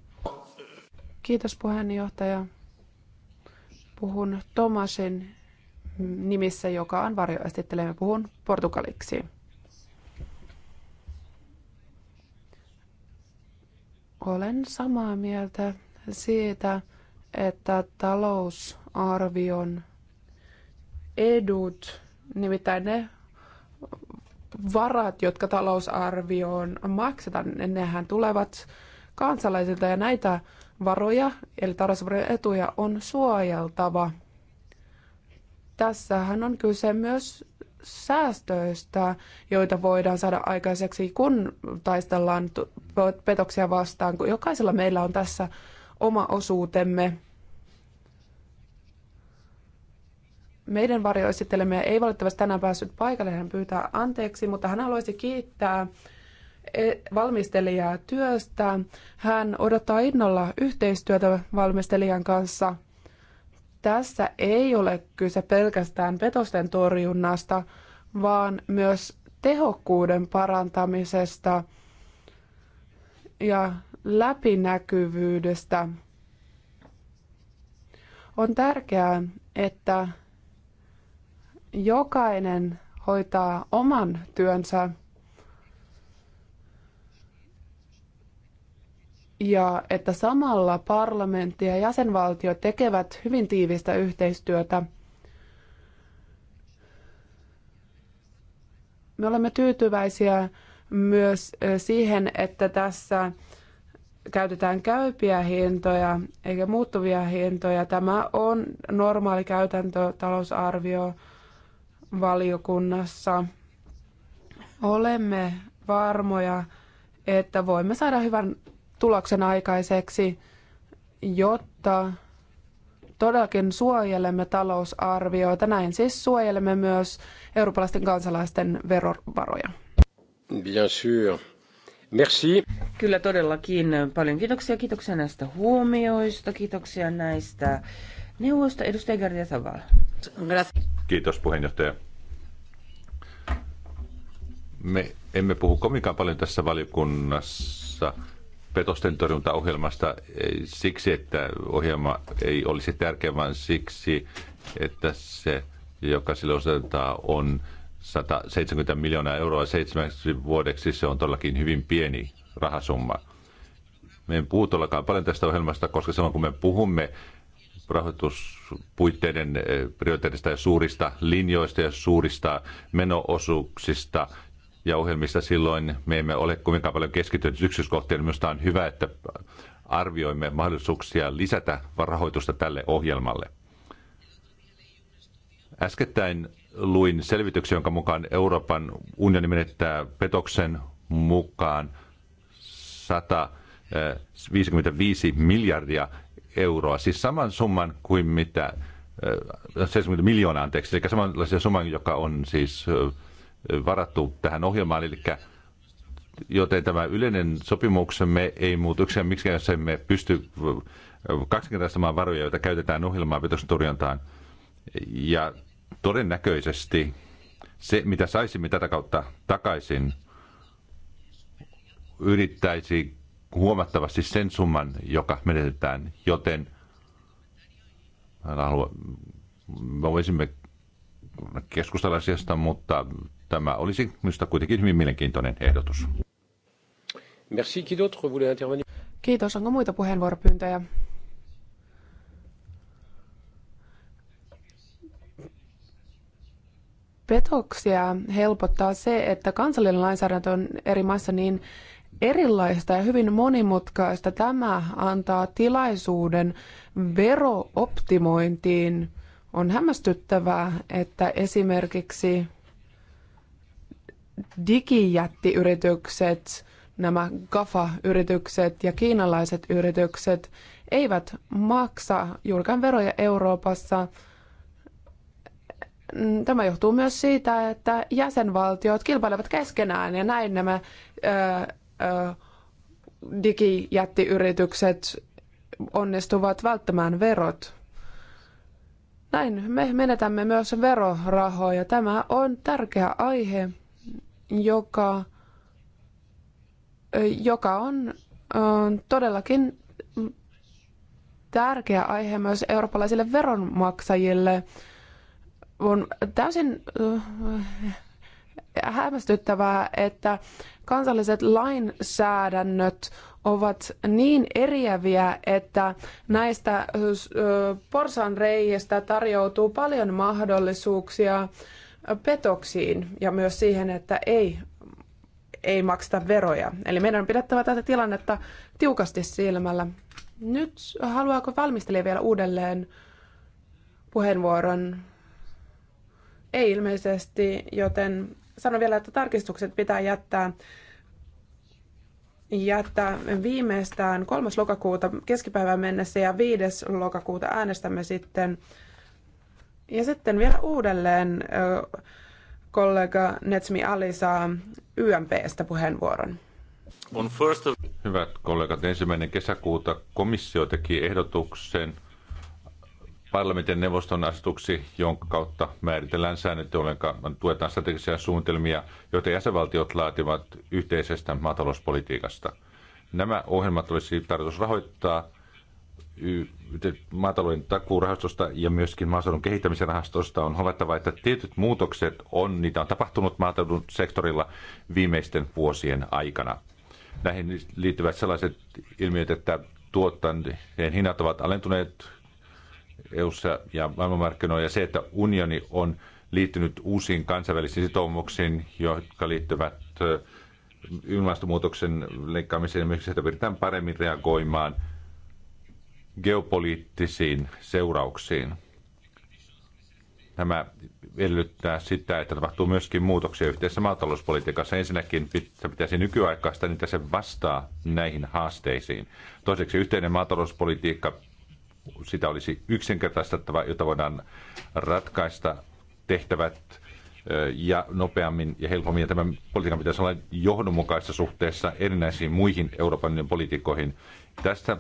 Kiitos puheenjohtaja. Puhun Tomasin nimissä, joka on varjoestittelemme Puhun portugaliksi. Olen samaa mieltä siitä, että talousarvion edut, nimittäin ne varat, jotka talousarvioon maksetaan, nehän tulevat kansalaisilta ja näitä varoja, eli talousarvion etuja on suojeltava – Tässähän on kyse myös säästöistä, joita voidaan saada aikaiseksi, kun taistellaan petoksia vastaan. Jokaisella meillä on tässä oma osuutemme. Meidän varjoesittelemme ei valitettavasti tänään päässyt paikalle, hän pyytää anteeksi, mutta hän haluaisi kiittää e- valmistelijaa työstä. Hän odottaa innolla yhteistyötä valmistelijan kanssa – tässä ei ole kyse pelkästään petosten torjunnasta, vaan myös tehokkuuden parantamisesta ja läpinäkyvyydestä. On tärkeää, että jokainen hoitaa oman työnsä ja että samalla parlamentti ja jäsenvaltio tekevät hyvin tiivistä yhteistyötä. Me olemme tyytyväisiä myös eh, siihen, että tässä käytetään käypiä hintoja eikä muuttuvia hintoja. Tämä on normaali käytäntö talousarvio valiokunnassa. Olemme varmoja, että voimme saada hyvän tuloksen aikaiseksi, jotta todellakin suojelemme talousarvioita. Näin siis suojelemme myös eurooppalaisten kansalaisten verovaroja. Bien sûr. Merci. Kyllä todellakin. Paljon kiitoksia. Kiitoksia näistä huomioista. Kiitoksia näistä neuvoista. Edustaja Gardia Kiitos puheenjohtaja. Me emme puhu kovinkaan paljon tässä valiokunnassa petosten torjuntaohjelmasta siksi, että ohjelma ei olisi tärkeä, vaan siksi, että se, joka sille osoitetaan, on 170 miljoonaa euroa seitsemäksi vuodeksi. Se on todellakin hyvin pieni rahasumma. Me ei puhu paljon tästä ohjelmasta, koska silloin kun me puhumme rahoituspuitteiden eh, prioriteetista ja suurista linjoista ja suurista menoosuuksista, ja ohjelmista silloin me emme ole kovinkaan paljon keskittyneet yksityiskohtiin. Minusta on hyvä, että arvioimme mahdollisuuksia lisätä rahoitusta tälle ohjelmalle. Äskettäin luin selvityksen, jonka mukaan Euroopan unioni menettää petoksen mukaan 155 eh, miljardia euroa, siis saman summan kuin mitä 70 eh, miljoonaa anteeksi, eli samanlaisen summan, joka on siis eh, varattu tähän ohjelmaan, eli joten tämä yleinen sopimuksemme ei muutu yksin miksi jos emme pysty kaksinkertaistamaan varoja, joita käytetään ohjelmaa petoksen torjuntaan. Ja todennäköisesti se, mitä saisimme tätä kautta takaisin, yrittäisi huomattavasti sen summan, joka menetetään, joten haluan, me voisimme keskustella asiasta, mutta Tämä olisi minusta kuitenkin hyvin mielenkiintoinen ehdotus. Merci. Qui voulait intervenir? Kiitos. Onko muita puheenvuoropyyntöjä? Petoksia helpottaa se, että kansallinen lainsäädäntö on eri maissa niin erilaista ja hyvin monimutkaista. Tämä antaa tilaisuuden verooptimointiin. On hämmästyttävää, että esimerkiksi digijättiyritykset, nämä GAFA-yritykset ja kiinalaiset yritykset eivät maksa julkan veroja Euroopassa. Tämä johtuu myös siitä, että jäsenvaltiot kilpailevat keskenään ja näin nämä ö, ö, digijättiyritykset onnistuvat välttämään verot. Näin me menetämme myös verorahoja. Tämä on tärkeä aihe joka, joka on todellakin tärkeä aihe myös eurooppalaisille veronmaksajille. On täysin hämmästyttävää, että kansalliset lainsäädännöt ovat niin eriäviä, että näistä porsanreijistä tarjoutuu paljon mahdollisuuksia petoksiin ja myös siihen, että ei, ei makseta veroja. Eli meidän on pidettävä tätä tilannetta tiukasti silmällä. Nyt haluaako valmistelija vielä uudelleen puheenvuoron? Ei ilmeisesti, joten sanon vielä, että tarkistukset pitää jättää jättää viimeistään 3. lokakuuta keskipäivään mennessä ja 5. lokakuuta äänestämme sitten ja sitten vielä uudelleen kollega Netsmi Ali saa YMPstä puheenvuoron. Hyvät kollegat, ensimmäinen kesäkuuta komissio teki ehdotuksen parlamentin neuvoston asetuksi, jonka kautta määritellään säännöt, joiden tuetaan strategisia suunnitelmia, joita jäsenvaltiot laativat yhteisestä maatalouspolitiikasta. Nämä ohjelmat olisi tarkoitus rahoittaa maatalouden takuurahastosta ja myöskin maaseudun kehittämisen rahastosta on havaittava, että tietyt muutokset on, niitä on tapahtunut maatalouden sektorilla viimeisten vuosien aikana. Näihin liittyvät sellaiset ilmiöt, että tuottajien hinnat ovat alentuneet EU-ssa ja maailmanmarkkinoilla ja se, että unioni on liittynyt uusiin kansainvälisiin sitoumuksiin, jotka liittyvät ilmastonmuutoksen leikkaamiseen, myös että pyritään paremmin reagoimaan – geopoliittisiin seurauksiin. Nämä edellyttää sitä, että tapahtuu myöskin muutoksia yhteisessä maatalouspolitiikassa. Ensinnäkin se pitäisi nykyaikaista, niin että se vastaa näihin haasteisiin. Toiseksi yhteinen maatalouspolitiikka, sitä olisi yksinkertaistettava, jota voidaan ratkaista tehtävät ja nopeammin ja helpommin. Ja tämän politiikan pitäisi olla johdonmukaisessa suhteessa erinäisiin muihin Euroopan politiikoihin. Tästä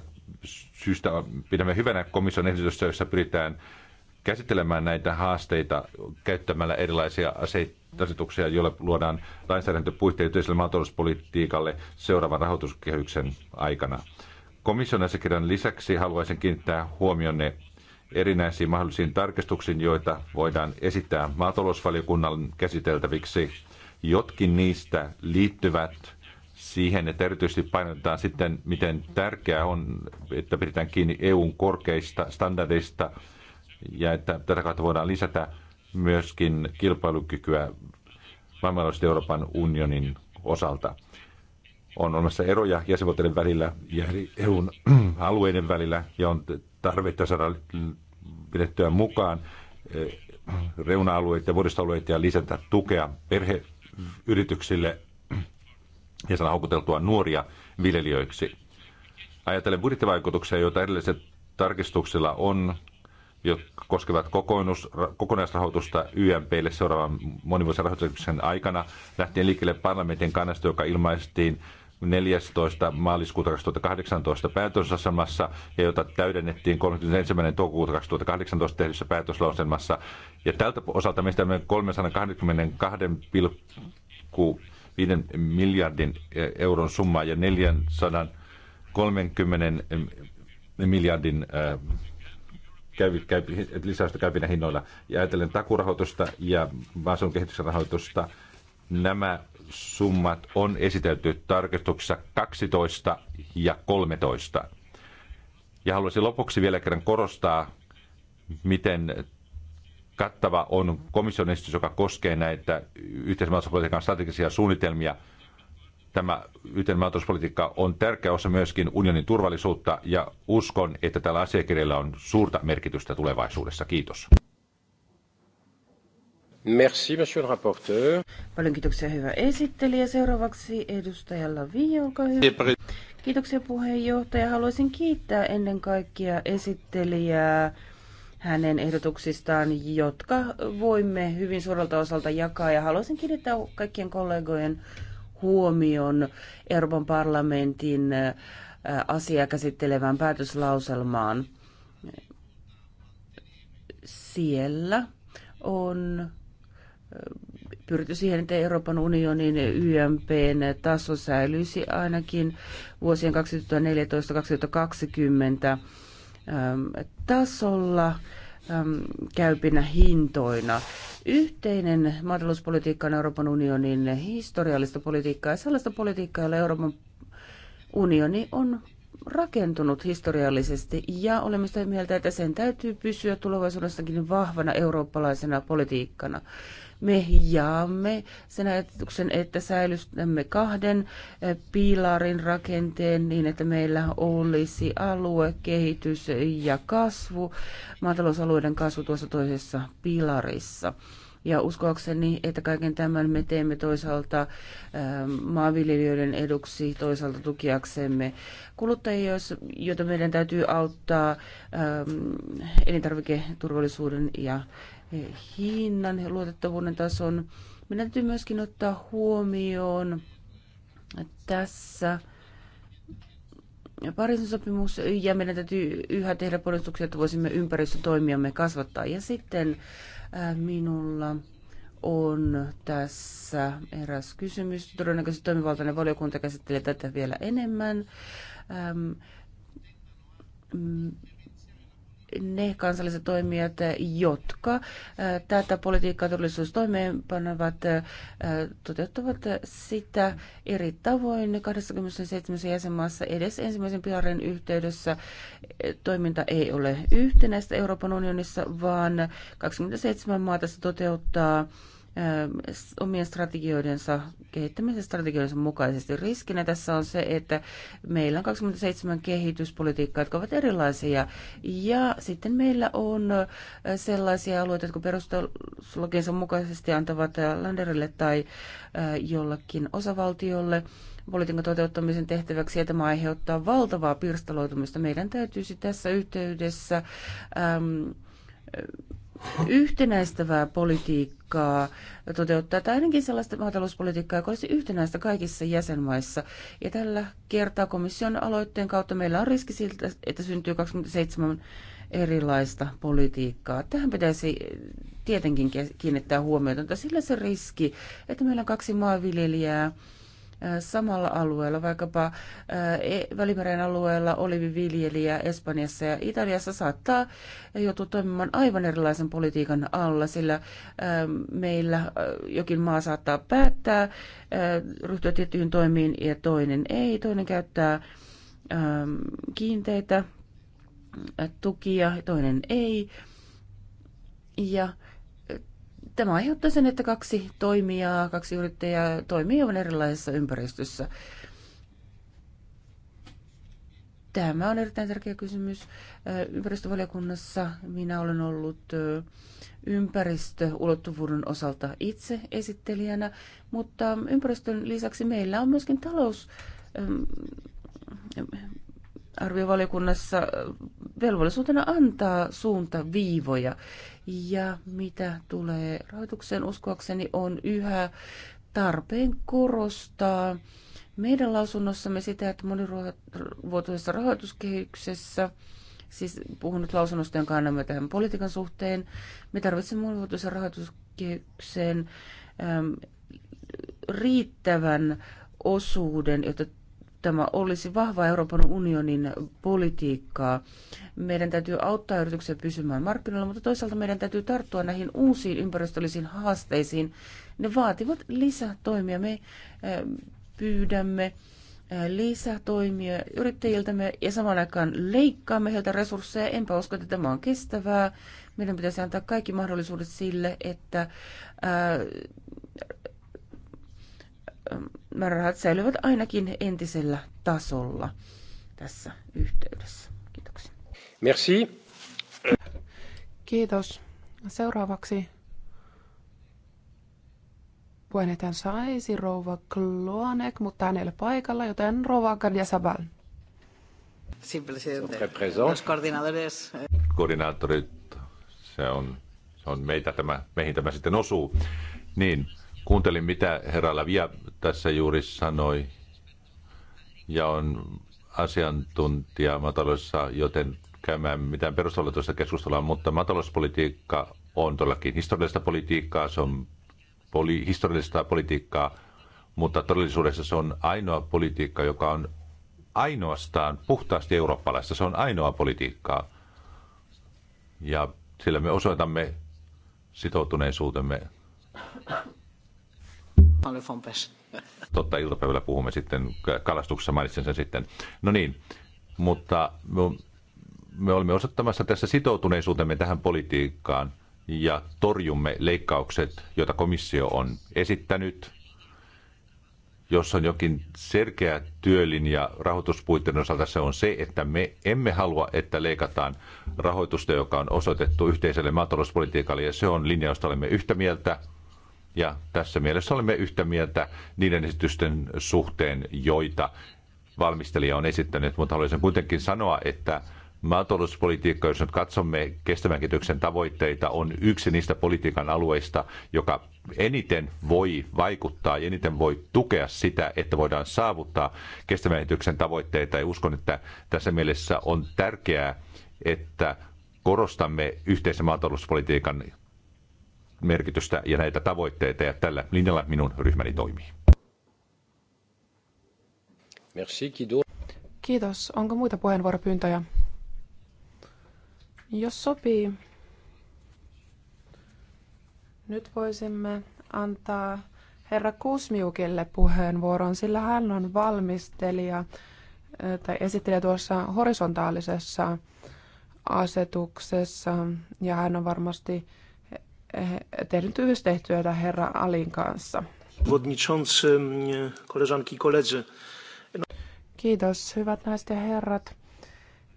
syystä pidämme hyvänä komission ehdotusta, jossa pyritään käsittelemään näitä haasteita käyttämällä erilaisia asetuksia, joilla luodaan lainsäädäntöpuitteet yhteiselle maatalouspolitiikalle seuraavan rahoituskehyksen aikana. Komission asiakirjan lisäksi haluaisin kiinnittää huomionne erinäisiin mahdollisiin tarkistuksiin, joita voidaan esittää maatalousvaliokunnan käsiteltäviksi. Jotkin niistä liittyvät siihen, että erityisesti painotetaan sitten, miten tärkeää on, että pidetään kiinni EUn korkeista standardeista ja että tätä kautta voidaan lisätä myöskin kilpailukykyä maailmanlaajuisesti Euroopan unionin osalta. On olemassa eroja jäsenvaltioiden välillä ja EUn <clears throat> alueiden välillä ja on tarvetta saada pidettyä mukaan eh, reuna alueita ja vuodistoalueet ja lisätä tukea perheyrityksille ja saada houkuteltua nuoria viljelijöiksi. Ajatellen budjettivaikutuksia, joita edelliset tarkistuksilla on, jotka koskevat kokoinus, kokonaisrahoitusta YMPlle seuraavan monivuotisen rahoituksen aikana, lähtien liikkeelle parlamentin kannasta, joka ilmaistiin 14. maaliskuuta 2018 päätösasemassa ja jota täydennettiin 31. toukokuuta 2018 tehdyssä päätöslauselmassa. Ja tältä osalta meistä 322,6 5 miljardin e, euron summaa ja 430 e, miljardin e, käy, käy, lisäystä käypinä hinnoilla. Ja ajatellen takurahoitusta ja maaseudun kehityksen rahoitusta, nämä summat on esitelty tarkistuksessa 12 ja 13. Ja haluaisin lopuksi vielä kerran korostaa, miten kattava on komission esitys, joka koskee näitä yhteisen strategisia suunnitelmia. Tämä yhteinen on tärkeä osa myöskin unionin turvallisuutta ja uskon, että tällä asiakirjalla on suurta merkitystä tulevaisuudessa. Kiitos. Merci, monsieur le rapporteur. Paljon kiitoksia, hyvä esittelijä. Seuraavaksi edustaja Lavi, olkaa hyvä. Kiitoksia puheenjohtaja. Haluaisin kiittää ennen kaikkea esittelijää hänen ehdotuksistaan, jotka voimme hyvin suurelta osalta jakaa. Ja haluaisin kiinnittää kaikkien kollegojen huomion Euroopan parlamentin äh, asiaa käsittelevään päätöslauselmaan. Siellä on äh, pyritty siihen, että Euroopan unionin YMPn taso säilyisi ainakin vuosien 2014-2020 tasolla käypinä hintoina. Yhteinen maatalouspolitiikka on Euroopan unionin historiallista politiikkaa ja sellaista politiikkaa, jolla Euroopan unioni on rakentunut historiallisesti ja olemme sitä mieltä, että sen täytyy pysyä tulevaisuudessakin vahvana eurooppalaisena politiikkana. Me jaamme sen ajatuksen, että säilystämme kahden eh, piilarin rakenteen niin, että meillä olisi alue, kehitys ja kasvu, maatalousalueiden kasvu tuossa toisessa pilarissa. Ja uskoakseni, että kaiken tämän me teemme toisaalta eh, maanviljelijöiden eduksi, toisaalta tukiaksemme kuluttajia, joita meidän täytyy auttaa eh, elintarviketurvallisuuden ja hinnan ja luotettavuuden tason. Meidän täytyy myöskin ottaa huomioon tässä Pariisin sopimus ja meidän täytyy yhä tehdä ponnistuksia, että voisimme ympäristötoimiamme kasvattaa. Ja sitten äh, minulla on tässä eräs kysymys. Todennäköisesti toimivaltainen valiokunta käsittelee tätä vielä enemmän. Ähm, ne kansalliset toimijat, jotka äh, tätä politiikkaa todellisuus toimeenpanevat, äh, toteuttavat sitä eri tavoin 27 jäsenmaassa edes ensimmäisen pilarin yhteydessä. Äh, toiminta ei ole yhtenäistä Euroopan unionissa, vaan 27 maata se toteuttaa omien strategioidensa kehittämisen strategioidensa mukaisesti. Riskinä tässä on se, että meillä on 27 kehityspolitiikkaa, jotka ovat erilaisia. Ja sitten meillä on sellaisia alueita, jotka perustuslakinsa mukaisesti antavat Landerille tai jollakin osavaltiolle politiikan toteuttamisen tehtäväksi, ja tämä aiheuttaa valtavaa pirstaloitumista. Meidän täytyisi tässä yhteydessä äm, yhtenäistävää politiikkaa toteuttaa, tai ainakin sellaista maatalouspolitiikkaa, joka olisi yhtenäistä kaikissa jäsenmaissa. Ja tällä kertaa komission aloitteen kautta meillä on riski siltä, että syntyy 27 erilaista politiikkaa. Tähän pitäisi tietenkin kiinnittää huomiota, sillä se riski, että meillä on kaksi maanviljelijää, samalla alueella, vaikkapa e-, Välimeren alueella Viljelijä, Espanjassa ja Italiassa saattaa joutua toimimaan aivan erilaisen politiikan alla, sillä meillä jokin maa saattaa päättää ryhtyä tiettyihin toimiin ja toinen ei, toinen käyttää kiinteitä tukia, toinen ei. Ja Tämä aiheuttaa sen, että kaksi toimijaa, kaksi yrittäjää toimii on erilaisessa ympäristössä. Tämä on erittäin tärkeä kysymys. Ympäristövaliokunnassa minä olen ollut ympäristöulottuvuuden osalta itse esittelijänä, mutta ympäristön lisäksi meillä on myöskin talous arviovaliokunnassa velvollisuutena antaa suuntaviivoja. Ja mitä tulee rahoitukseen, uskoakseni on yhä tarpeen korostaa meidän lausunnossamme sitä, että monivuotoisessa rahoituskehyksessä siis puhun nyt lausunnosta, jonka annamme tähän politiikan suhteen. Me tarvitsemme monivuotoisen rahoituskehyksen äm, riittävän osuuden, jotta tämä olisi vahva Euroopan unionin politiikkaa. Meidän täytyy auttaa yrityksiä pysymään markkinoilla, mutta toisaalta meidän täytyy tarttua näihin uusiin ympäristöllisiin haasteisiin. Ne vaativat lisätoimia. Me eh, pyydämme eh, lisätoimia yrittäjiltämme ja samaan aikaan leikkaamme heiltä resursseja. Enpä usko, että tämä on kestävää. Meidän pitäisi antaa kaikki mahdollisuudet sille, että eh, määrärahat säilyvät ainakin entisellä tasolla tässä yhteydessä. Kiitoksia. Merci. Kiitos. Seuraavaksi puheenjohtajan saisi rouva Kloanek, mutta hän ei ole paikalla, joten rouva Gardia Sabal. coordinadores... Eh. Koordinaattorit, se on, se on meitä tämä, meihin tämä sitten osuu. Niin, kuuntelin mitä herra Lavia tässä juuri sanoi, ja on asiantuntija maataloudessa, joten käymään mitään perustavallisuudesta keskustelua, mutta maatalouspolitiikka on todellakin historiallista politiikkaa, se on poli- historiallista politiikkaa, mutta todellisuudessa se on ainoa politiikka, joka on ainoastaan puhtaasti eurooppalaista. Se on ainoa politiikkaa. Ja sillä me osoitamme sitoutuneisuutemme. Paljon Totta, iltapäivällä puhumme sitten kalastuksessa, mainitsen sen sitten. No niin, mutta me olemme osoittamassa tässä sitoutuneisuutemme tähän politiikkaan ja torjumme leikkaukset, joita komissio on esittänyt. Jos on jokin selkeä työlinja rahoituspuitteiden osalta, se on se, että me emme halua, että leikataan rahoitusta, joka on osoitettu yhteiselle maatalouspolitiikalle, ja se on linja, josta olemme yhtä mieltä. Ja tässä mielessä olemme yhtä mieltä niiden esitysten suhteen, joita valmistelija on esittänyt, mutta haluaisin kuitenkin sanoa, että maatalouspolitiikka, jos nyt katsomme kestävän kehityksen tavoitteita, on yksi niistä politiikan alueista, joka eniten voi vaikuttaa ja eniten voi tukea sitä, että voidaan saavuttaa kestävän kehityksen tavoitteita. Ja uskon, että tässä mielessä on tärkeää, että korostamme yhteisen maatalouspolitiikan merkitystä ja näitä tavoitteita, ja tällä linjalla minun ryhmäni toimii. Merci, Kiitos. Onko muita puheenvuoropyyntöjä? Jos sopii, nyt voisimme antaa herra Kusmiukille puheenvuoron, sillä hän on valmistelija tai esittelijä tuossa horisontaalisessa asetuksessa ja hän on varmasti Eh, tehnyt yhteistyötä herra Alin kanssa. Mm, no. Kiitos, hyvät naiset ja herrat.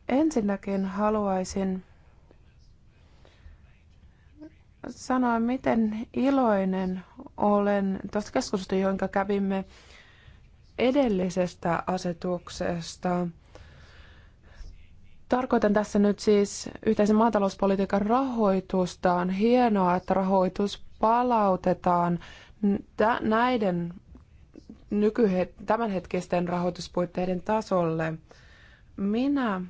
Ensinnäkin haluaisin sanoa, miten iloinen olen tuosta keskustelusta, jonka kävimme edellisestä asetuksesta – Tarkoitan tässä nyt siis yhteisen maatalouspolitiikan rahoitusta. On hienoa, että rahoitus palautetaan näiden nykyhet- tämänhetkisten rahoituspuitteiden tasolle. Minä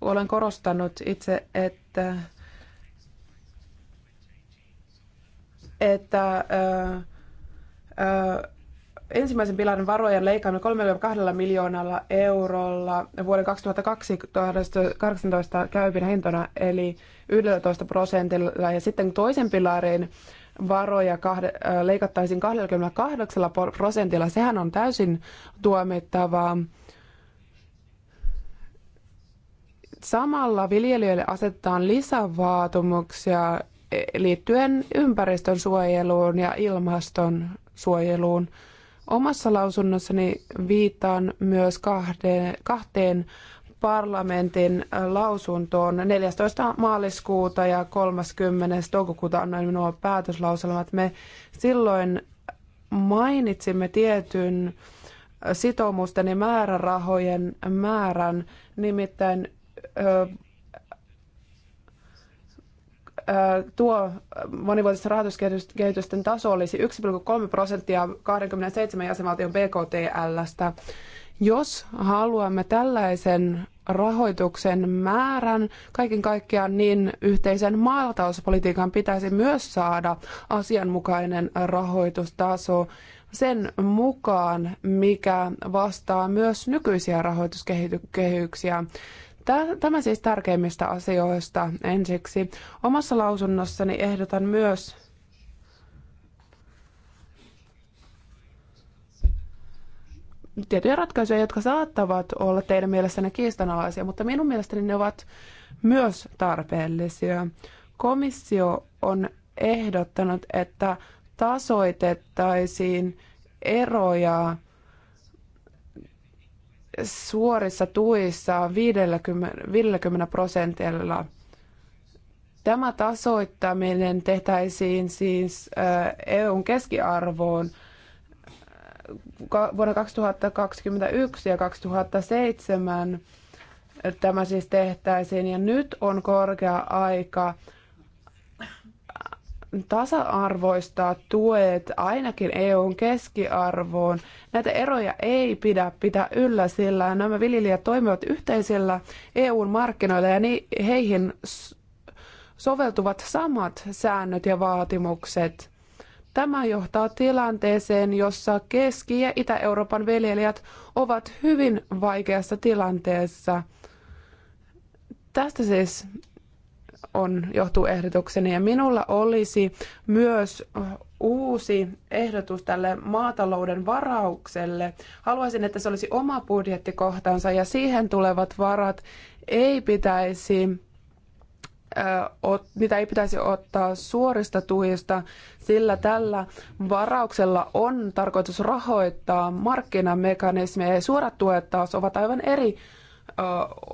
olen korostanut itse, että, että ö, ö, ensimmäisen pilarin varoja leikannut 32 miljoonalla eurolla vuoden 2018 käypin hintona eli 11 prosentilla ja sitten toisen pilarin varoja kahde, äh, leikattaisiin 28 prosentilla. Sehän on täysin tuomittavaa. Samalla viljelijöille asetetaan lisävaatimuksia eh, liittyen ympäristön suojeluun ja ilmaston suojeluun. Omassa lausunnossani viittaan myös kahden, kahteen parlamentin äh, lausuntoon 14. maaliskuuta ja 30. toukokuuta annoin nuo päätöslauselmat. Me silloin mainitsimme tietyn äh, sitoumusten ja määrärahojen määrän, nimittäin tuo monivuotisten rahoituskehitysten taso olisi 1,3 prosenttia 27 jäsenvaltion BKTLstä. Jos haluamme tällaisen rahoituksen määrän kaiken kaikkiaan, niin yhteisen maaltauspolitiikan pitäisi myös saada asianmukainen rahoitustaso sen mukaan, mikä vastaa myös nykyisiä rahoituskehyksiä. Tämä siis tärkeimmistä asioista ensiksi. Omassa lausunnossani ehdotan myös tiettyjä ratkaisuja, jotka saattavat olla teidän mielestänne kiistanalaisia, mutta minun mielestäni ne ovat myös tarpeellisia. Komissio on ehdottanut, että tasoitettaisiin eroja suorissa tuissa 50, 50 prosentilla. Tämä tasoittaminen tehtäisiin siis äh, EUn keskiarvoon äh, vuonna 2021 ja 2007 tämä siis tehtäisiin ja nyt on korkea aika tasa-arvoistaa tuet ainakin EUn keskiarvoon. Näitä eroja ei pidä pitää yllä, sillä nämä viljelijät toimivat yhteisillä EUn markkinoilla ja ni- heihin soveltuvat samat säännöt ja vaatimukset. Tämä johtaa tilanteeseen, jossa Keski- ja Itä-Euroopan viljelijät ovat hyvin vaikeassa tilanteessa. Tästä siis on, johtuu ehdotukseni. Ja minulla olisi myös uusi ehdotus tälle maatalouden varaukselle. Haluaisin, että se olisi oma budjettikohtansa ja siihen tulevat varat ei pitäisi mitä ei pitäisi ottaa suorista tuista, sillä tällä varauksella on tarkoitus rahoittaa markkinamekanismeja ja suorat tuet taas ovat aivan eri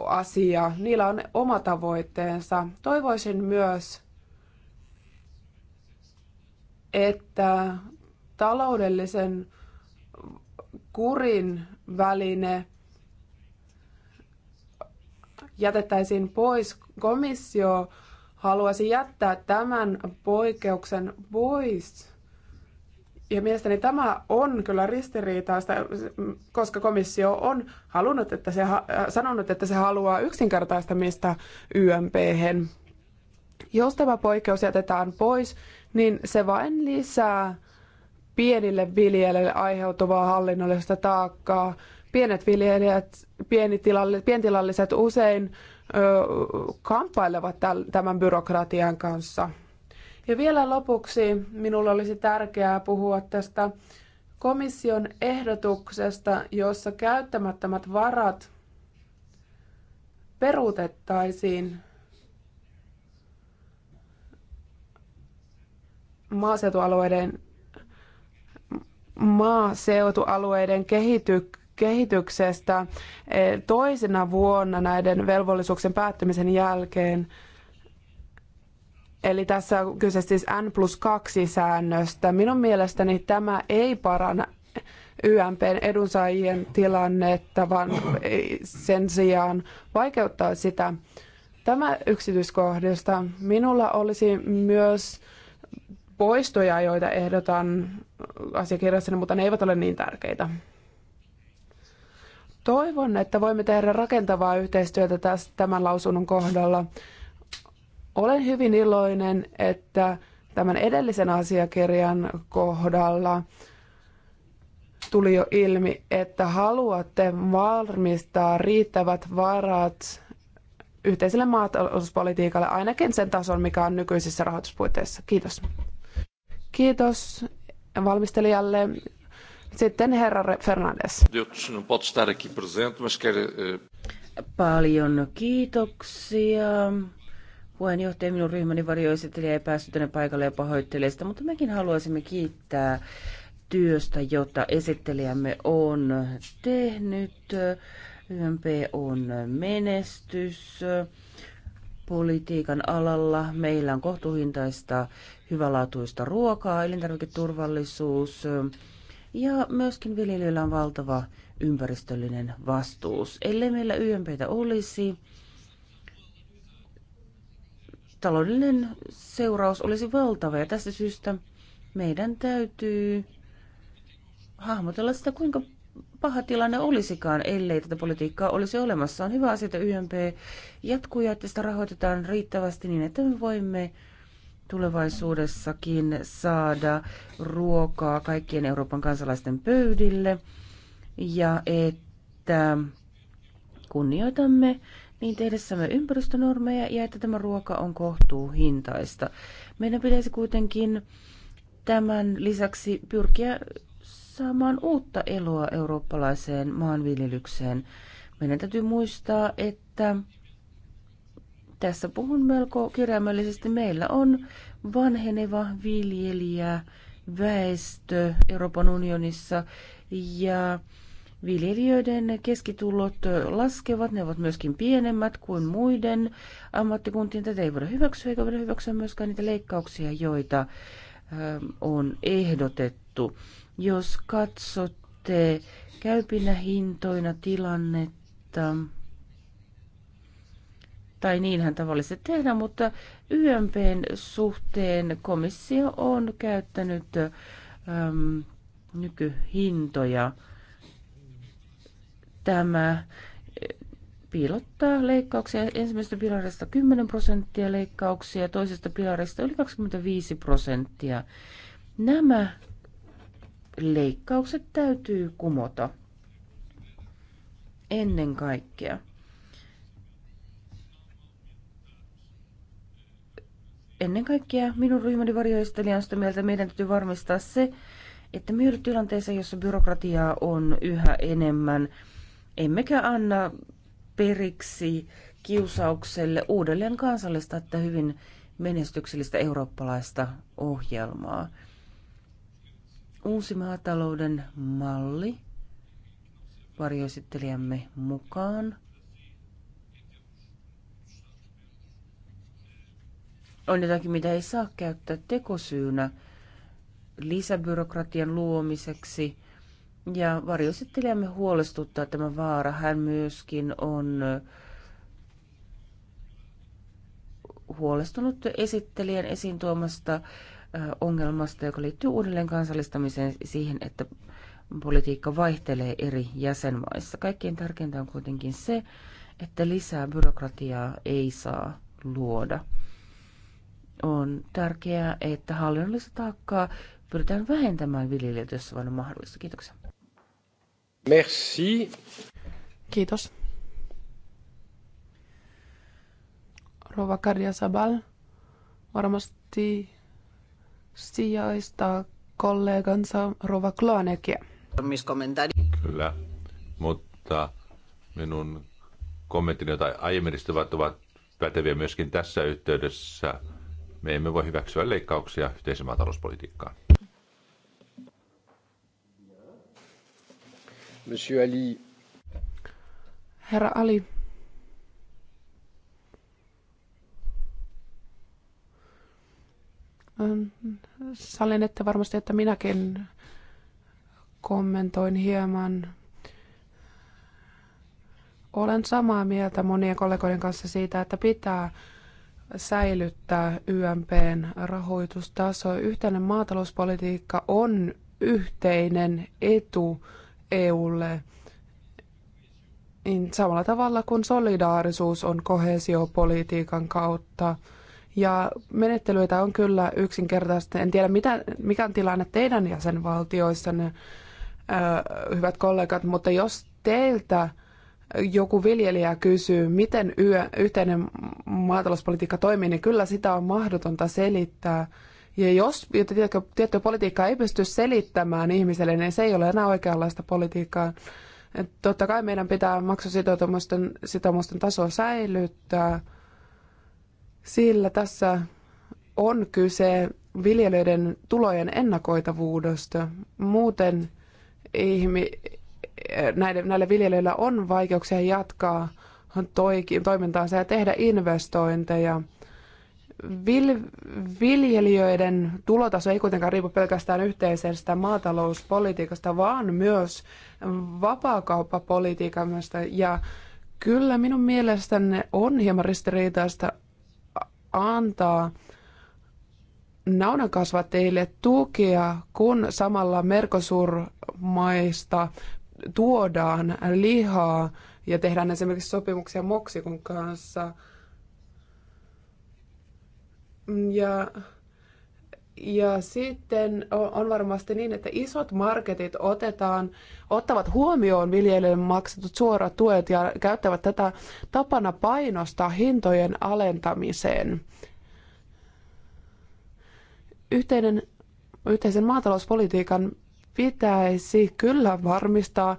asia. Niillä on oma tavoitteensa. Toivoisin myös, että taloudellisen kurin väline jätettäisiin pois. Komissio haluaisi jättää tämän poikkeuksen pois ja mielestäni tämä on kyllä ristiriitaista, koska komissio on halunnut, että se äh, sanonut, että se haluaa yksinkertaistamista ymp -hän. Jos tämä poikkeus jätetään pois, niin se vain lisää pienille viljelijöille aiheutuvaa hallinnollista taakkaa. Pienet viljelijät, pientilalliset usein ö, kamppailevat tämän byrokratian kanssa. Ja vielä lopuksi minulla olisi tärkeää puhua tästä komission ehdotuksesta, jossa käyttämättömät varat peruutettaisiin maaseutualueiden, maaseutualueiden kehity, kehityksestä eh, toisena vuonna näiden velvollisuuksien päättymisen jälkeen. Eli tässä on kyse siis N plus 2 säännöstä. Minun mielestäni tämä ei paranna YMPn edunsaajien tilannetta, vaan sen sijaan vaikeuttaa sitä. Tämä yksityiskohdista. Minulla olisi myös poistoja, joita ehdotan asiakirjassani, mutta ne eivät ole niin tärkeitä. Toivon, että voimme tehdä rakentavaa yhteistyötä tämän lausunnon kohdalla. Olen hyvin iloinen, että tämän edellisen asiakirjan kohdalla tuli jo ilmi, että haluatte varmistaa riittävät varat yhteiselle maatalouspolitiikalle ainakin sen tason, mikä on nykyisissä rahoituspuitteissa. Kiitos. Kiitos valmistelijalle. Sitten herra Fernandes. Paljon kiitoksia. Puheenjohtaja, minun ryhmäni varjoesittelijä ei päässyt tänne paikalle ja pahoittelee sitä, mutta mekin haluaisimme kiittää työstä, jota esittelijämme on tehnyt. YMP on menestys politiikan alalla. Meillä on kohtuuhintaista, hyvälaatuista ruokaa, elintarviketurvallisuus ja myöskin viljelijöillä on valtava ympäristöllinen vastuus. Ellei meillä YMPtä olisi, taloudellinen seuraus olisi valtava ja tästä syystä meidän täytyy hahmotella sitä, kuinka paha tilanne olisikaan, ellei tätä politiikkaa olisi olemassa. On hyvä asia, että YMP jatkuu ja että sitä rahoitetaan riittävästi niin, että me voimme tulevaisuudessakin saada ruokaa kaikkien Euroopan kansalaisten pöydille ja että kunnioitamme niin tehdessämme ympäristönormeja ja että tämä ruoka on kohtuuhintaista. Meidän pitäisi kuitenkin tämän lisäksi pyrkiä saamaan uutta eloa eurooppalaiseen maanviljelykseen. Meidän täytyy muistaa, että tässä puhun melko kirjaimellisesti. Meillä on vanheneva viljelijä, väestö Euroopan unionissa ja Viljelijöiden keskitulot laskevat, ne ovat myöskin pienemmät kuin muiden ammattikuntien. Tätä ei voida hyväksyä, eikä voida hyväksyä myöskään niitä leikkauksia, joita on ehdotettu. Jos katsotte käypinä hintoina tilannetta, tai niinhän tavallisesti tehdään, mutta YMPn suhteen komissio on käyttänyt äm, nykyhintoja tämä piilottaa leikkauksia ensimmäisestä pilarista 10 prosenttia leikkauksia, toisesta pilarista yli 25 prosenttia. Nämä leikkaukset täytyy kumota ennen kaikkea. Ennen kaikkea minun ryhmäni varjoistelija on sitä mieltä, että meidän täytyy varmistaa se, että me tilanteessa, jossa byrokratiaa on yhä enemmän, emmekä anna periksi kiusaukselle uudelleen kansallista että hyvin menestyksellistä eurooppalaista ohjelmaa. Uusi maatalouden malli varjoesittelijämme mukaan on jotakin, mitä ei saa käyttää tekosyynä lisäbyrokratian luomiseksi – ja varjoesittelijämme huolestuttaa tämä vaara. Hän myöskin on äh, huolestunut esittelijän esiin tuomasta äh, ongelmasta, joka liittyy uudelleen kansallistamiseen siihen, että politiikka vaihtelee eri jäsenmaissa. Kaikkein tärkeintä on kuitenkin se, että lisää byrokratiaa ei saa luoda. On tärkeää, että hallinnollista taakkaa pyritään vähentämään viljelijöitä, jos se on mahdollista. Kiitoksia. Merci. Kiitos. Rova Karja Sabal varmasti sijaistaa kollegansa Rova Kloanekia. Kyllä, mutta minun kommenttini, joita aiemmin istuvat, ovat päteviä myöskin tässä yhteydessä. Me emme voi hyväksyä leikkauksia yhteisen maatalouspolitiikkaan. Monsieur Ali. Herra Ali. Ähm, sallin, että varmasti, että minäkin kommentoin hieman. Olen samaa mieltä monien kollegoiden kanssa siitä, että pitää säilyttää YMPn rahoitustaso. Yhteinen maatalouspolitiikka on yhteinen etu EUlle niin samalla tavalla kuin solidaarisuus on kohesiopolitiikan kautta. Ja menettelyitä on kyllä yksinkertaisesti. En tiedä, mitä, mikä on tilanne teidän jäsenvaltioissanne, ö, hyvät kollegat, mutta jos teiltä joku viljelijä kysyy, miten yö, yhteinen maatalouspolitiikka toimii, niin kyllä sitä on mahdotonta selittää. Ja jos tiettyä, tietty politiikka ei pysty selittämään ihmiselle, niin se ei ole enää oikeanlaista politiikkaa. Et totta kai meidän pitää maksusitoumusten tasoa säilyttää, sillä tässä on kyse viljelijöiden tulojen ennakoitavuudesta. Muuten ihmi, näille näille viljelijöillä on vaikeuksia jatkaa toimintaansa ja tehdä investointeja – viljelijöiden tulotaso ei kuitenkaan riipu pelkästään yhteisestä maatalouspolitiikasta, vaan myös vapaakauppapolitiikasta. Ja kyllä minun mielestäni on hieman ristiriitaista antaa naudankasvattajille tukea, kun samalla merkosurmaista tuodaan lihaa ja tehdään esimerkiksi sopimuksia Moksikon kanssa – ja, ja sitten on varmasti niin, että isot marketit otetaan, ottavat huomioon viljelijöille maksetut suorat tuet ja käyttävät tätä tapana painostaa hintojen alentamiseen. Yhteinen, yhteisen maatalouspolitiikan pitäisi kyllä varmistaa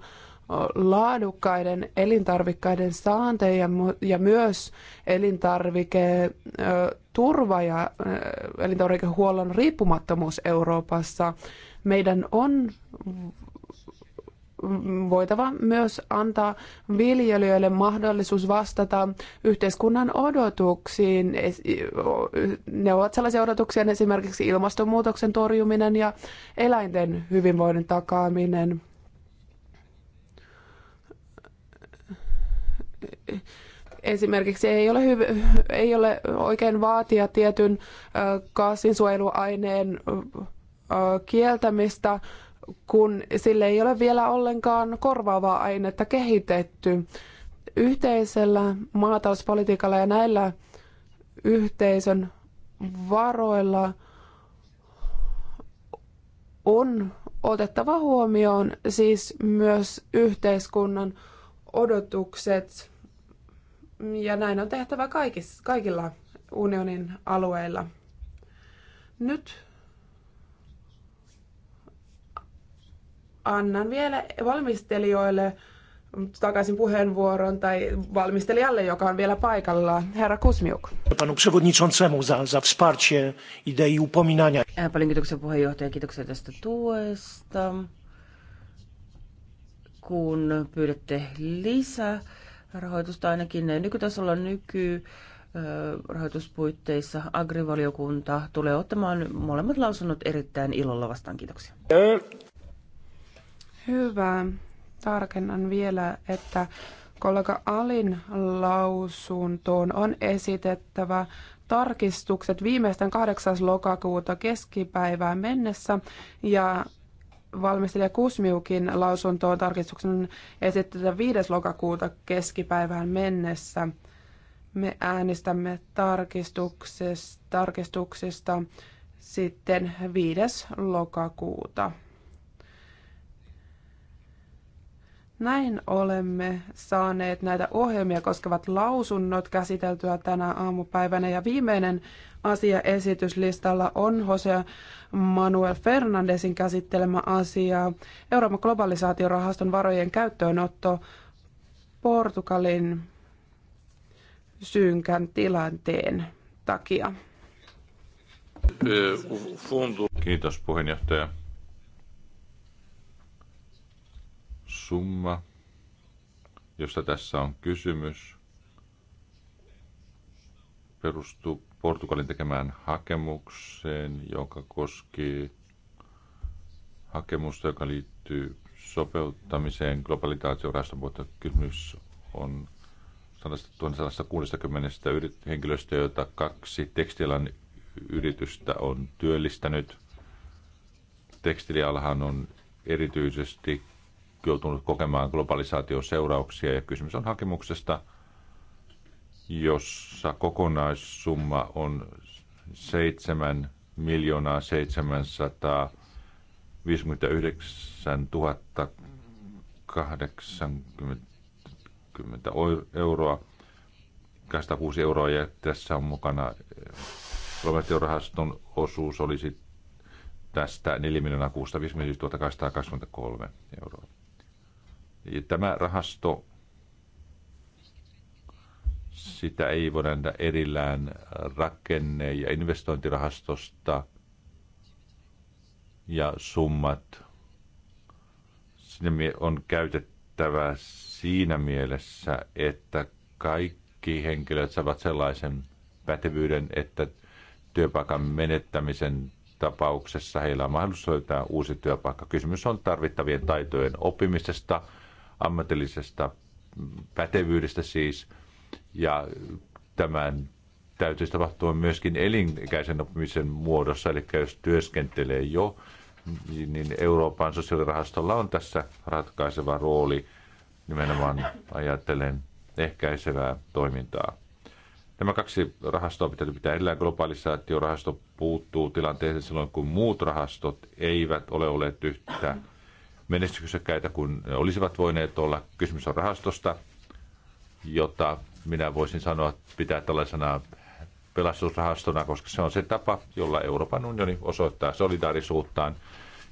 laadukkaiden elintarvikkeiden saanteen ja, ja myös elintarviketurva ja elintarvikehuollon riippumattomuus Euroopassa. Meidän on voitava myös antaa viljelijöille mahdollisuus vastata yhteiskunnan odotuksiin. Ne ovat sellaisia odotuksia esimerkiksi ilmastonmuutoksen torjuminen ja eläinten hyvinvoinnin takaaminen. esimerkiksi ei ole, hyv- ei ole oikein vaatia tietyn kasvinsuojeluaineen kieltämistä, kun sille ei ole vielä ollenkaan korvaavaa ainetta kehitetty. Yhteisellä maatalouspolitiikalla ja näillä yhteisön varoilla on otettava huomioon siis myös yhteiskunnan odotukset ja näin on tehtävä kaikissa, kaikilla unionin alueilla. Nyt annan vielä valmistelijoille takaisin puheenvuoron tai valmistelijalle, joka on vielä paikalla, herra Kusmiuk. Panu przewodniczącemu za, za wsparcie idei upominania. Paljon kiitoksia puheenjohtaja, kiitoksia tästä tuesta. Kun pyydätte lisää rahoitusta ainakin nykytasolla nyky rahoituspuitteissa. Agrivaliokunta tulee ottamaan molemmat lausunnot erittäin ilolla vastaan. Kiitoksia. Hyvä. Tarkennan vielä, että kollega Alin lausuntoon on esitettävä tarkistukset viimeisten 8. lokakuuta keskipäivään mennessä ja valmistelija Kusmiukin on tarkistuksen esittää 5. lokakuuta keskipäivään mennessä. Me äänestämme tarkistuksesta sitten 5. lokakuuta. Näin olemme saaneet näitä ohjelmia koskevat lausunnot käsiteltyä tänä aamupäivänä. Ja viimeinen asia esityslistalla on Jose Manuel Fernandesin käsittelemä asia. Euroopan globalisaatiorahaston varojen käyttöönotto Portugalin synkän tilanteen takia. Kiitos puheenjohtaja. summa, josta tässä on kysymys, perustuu Portugalin tekemään hakemukseen, joka koski hakemusta, joka liittyy sopeuttamiseen globalisaatiorahaston vuotta. Kysymys on 160 yrit- henkilöstä, joita kaksi tekstilan yritystä on työllistänyt. Tekstilialahan on erityisesti joutunut kokemaan globalisaation seurauksia ja kysymys on hakemuksesta, jossa kokonaissumma on 7 miljoonaa 759 080 euroa, 206 euroa ja tässä on mukana Prometeorahaston osuus olisi tästä 4 655 223 euroa. Tämä rahasto, sitä ei voida nähdä erillään rakenne- ja investointirahastosta ja summat. Sinne on käytettävä siinä mielessä, että kaikki henkilöt saavat sellaisen pätevyyden, että työpaikan menettämisen tapauksessa heillä on mahdollisuus löytää uusi työpaikka. Kysymys on tarvittavien taitojen oppimisesta – ammatillisesta pätevyydestä siis, ja tämän täytyisi tapahtua myöskin elinikäisen oppimisen muodossa, eli jos työskentelee jo, niin Euroopan sosiaalirahastolla on tässä ratkaiseva rooli nimenomaan ajattelen ehkäisevää toimintaa. Nämä kaksi rahastoa pitää pitää erillään. Globalisaatiorahasto puuttuu tilanteeseen silloin, kun muut rahastot eivät ole olleet yhtä menestyksekkäitä kuin olisivat voineet olla. Kysymys on rahastosta, jota minä voisin sanoa pitää tällaisena pelastusrahastona, koska se on se tapa, jolla Euroopan unioni osoittaa solidaarisuuttaan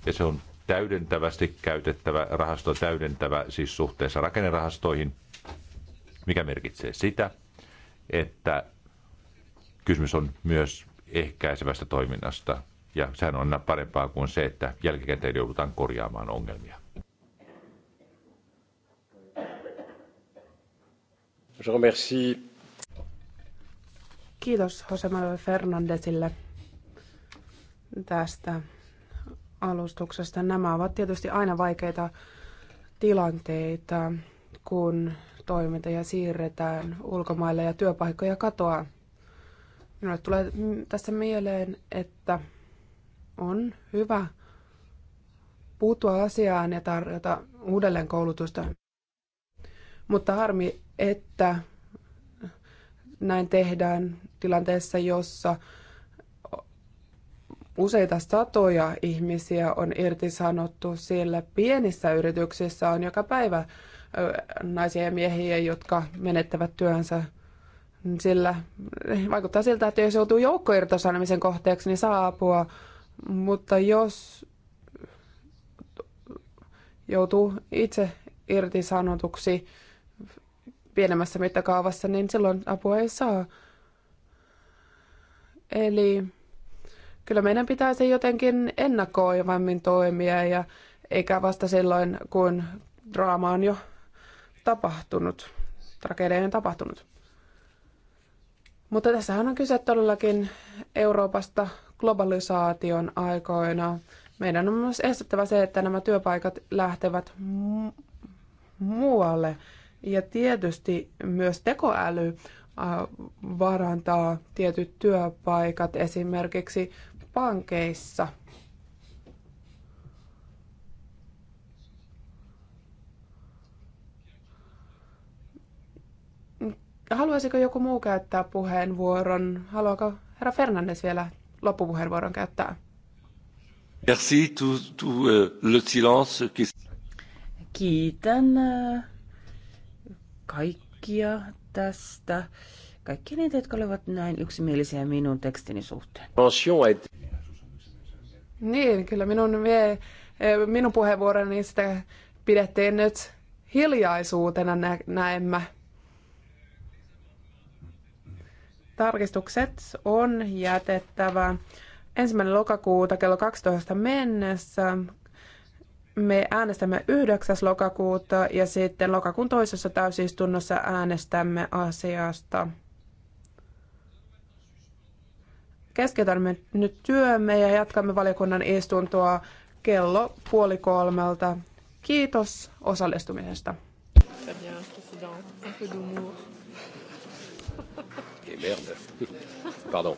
ja se on täydentävästi käytettävä, rahasto täydentävä siis suhteessa rakennerahastoihin, mikä merkitsee sitä, että kysymys on myös ehkäisevästä toiminnasta ja sehän on parempaa kuin se, että jälkikäteen joudutaan korjaamaan ongelmia. Kiitos Jose Manuel Fernandesille tästä alustuksesta. Nämä ovat tietysti aina vaikeita tilanteita, kun toimintoja siirretään ulkomaille ja työpaikkoja katoaa. Minulle tulee tässä mieleen, että on hyvä puuttua asiaan ja tarjota uudelleen koulutusta. Mutta harmi, että näin tehdään tilanteessa, jossa useita satoja ihmisiä on irtisanottu, siellä pienissä yrityksissä on joka päivä naisia ja miehiä, jotka menettävät työnsä sillä vaikuttaa siltä, että jos joutuu joukkoirtosanomisen kohteeksi, niin saa apua mutta jos joutuu itse irtisanotuksi pienemmässä mittakaavassa, niin silloin apua ei saa. Eli kyllä meidän pitäisi jotenkin ennakoivammin toimia ja eikä vasta silloin, kun draama on jo tapahtunut, tragedia on tapahtunut. Mutta tässähän on kyse todellakin Euroopasta globalisaation aikoina. Meidän on myös estettävä se, että nämä työpaikat lähtevät mu- muualle. Ja tietysti myös tekoäly äh, varantaa tietyt työpaikat esimerkiksi pankeissa – Haluaisiko joku muu käyttää puheenvuoron? Haluaako herra Fernandes vielä loppupuheenvuoron käyttää? Merci tout, tout euh, le silence. Kiitän äh, kaikkia tästä. Kaikki niitä, jotka olivat näin yksimielisiä minun tekstini suhteen. Niin, kyllä minun, vie, minun puheenvuoroni sitä pidettiin nyt hiljaisuutena nä- näemmä. Tarkistukset on jätettävä ensimmäinen lokakuuta kello 12 mennessä. Me äänestämme 9. lokakuuta ja sitten lokakuun toisessa täysistunnossa äänestämme asiasta. Keskeytämme nyt työmme ja jatkamme valiokunnan istuntoa kello puoli kolmelta. Kiitos osallistumisesta merde. Pardon.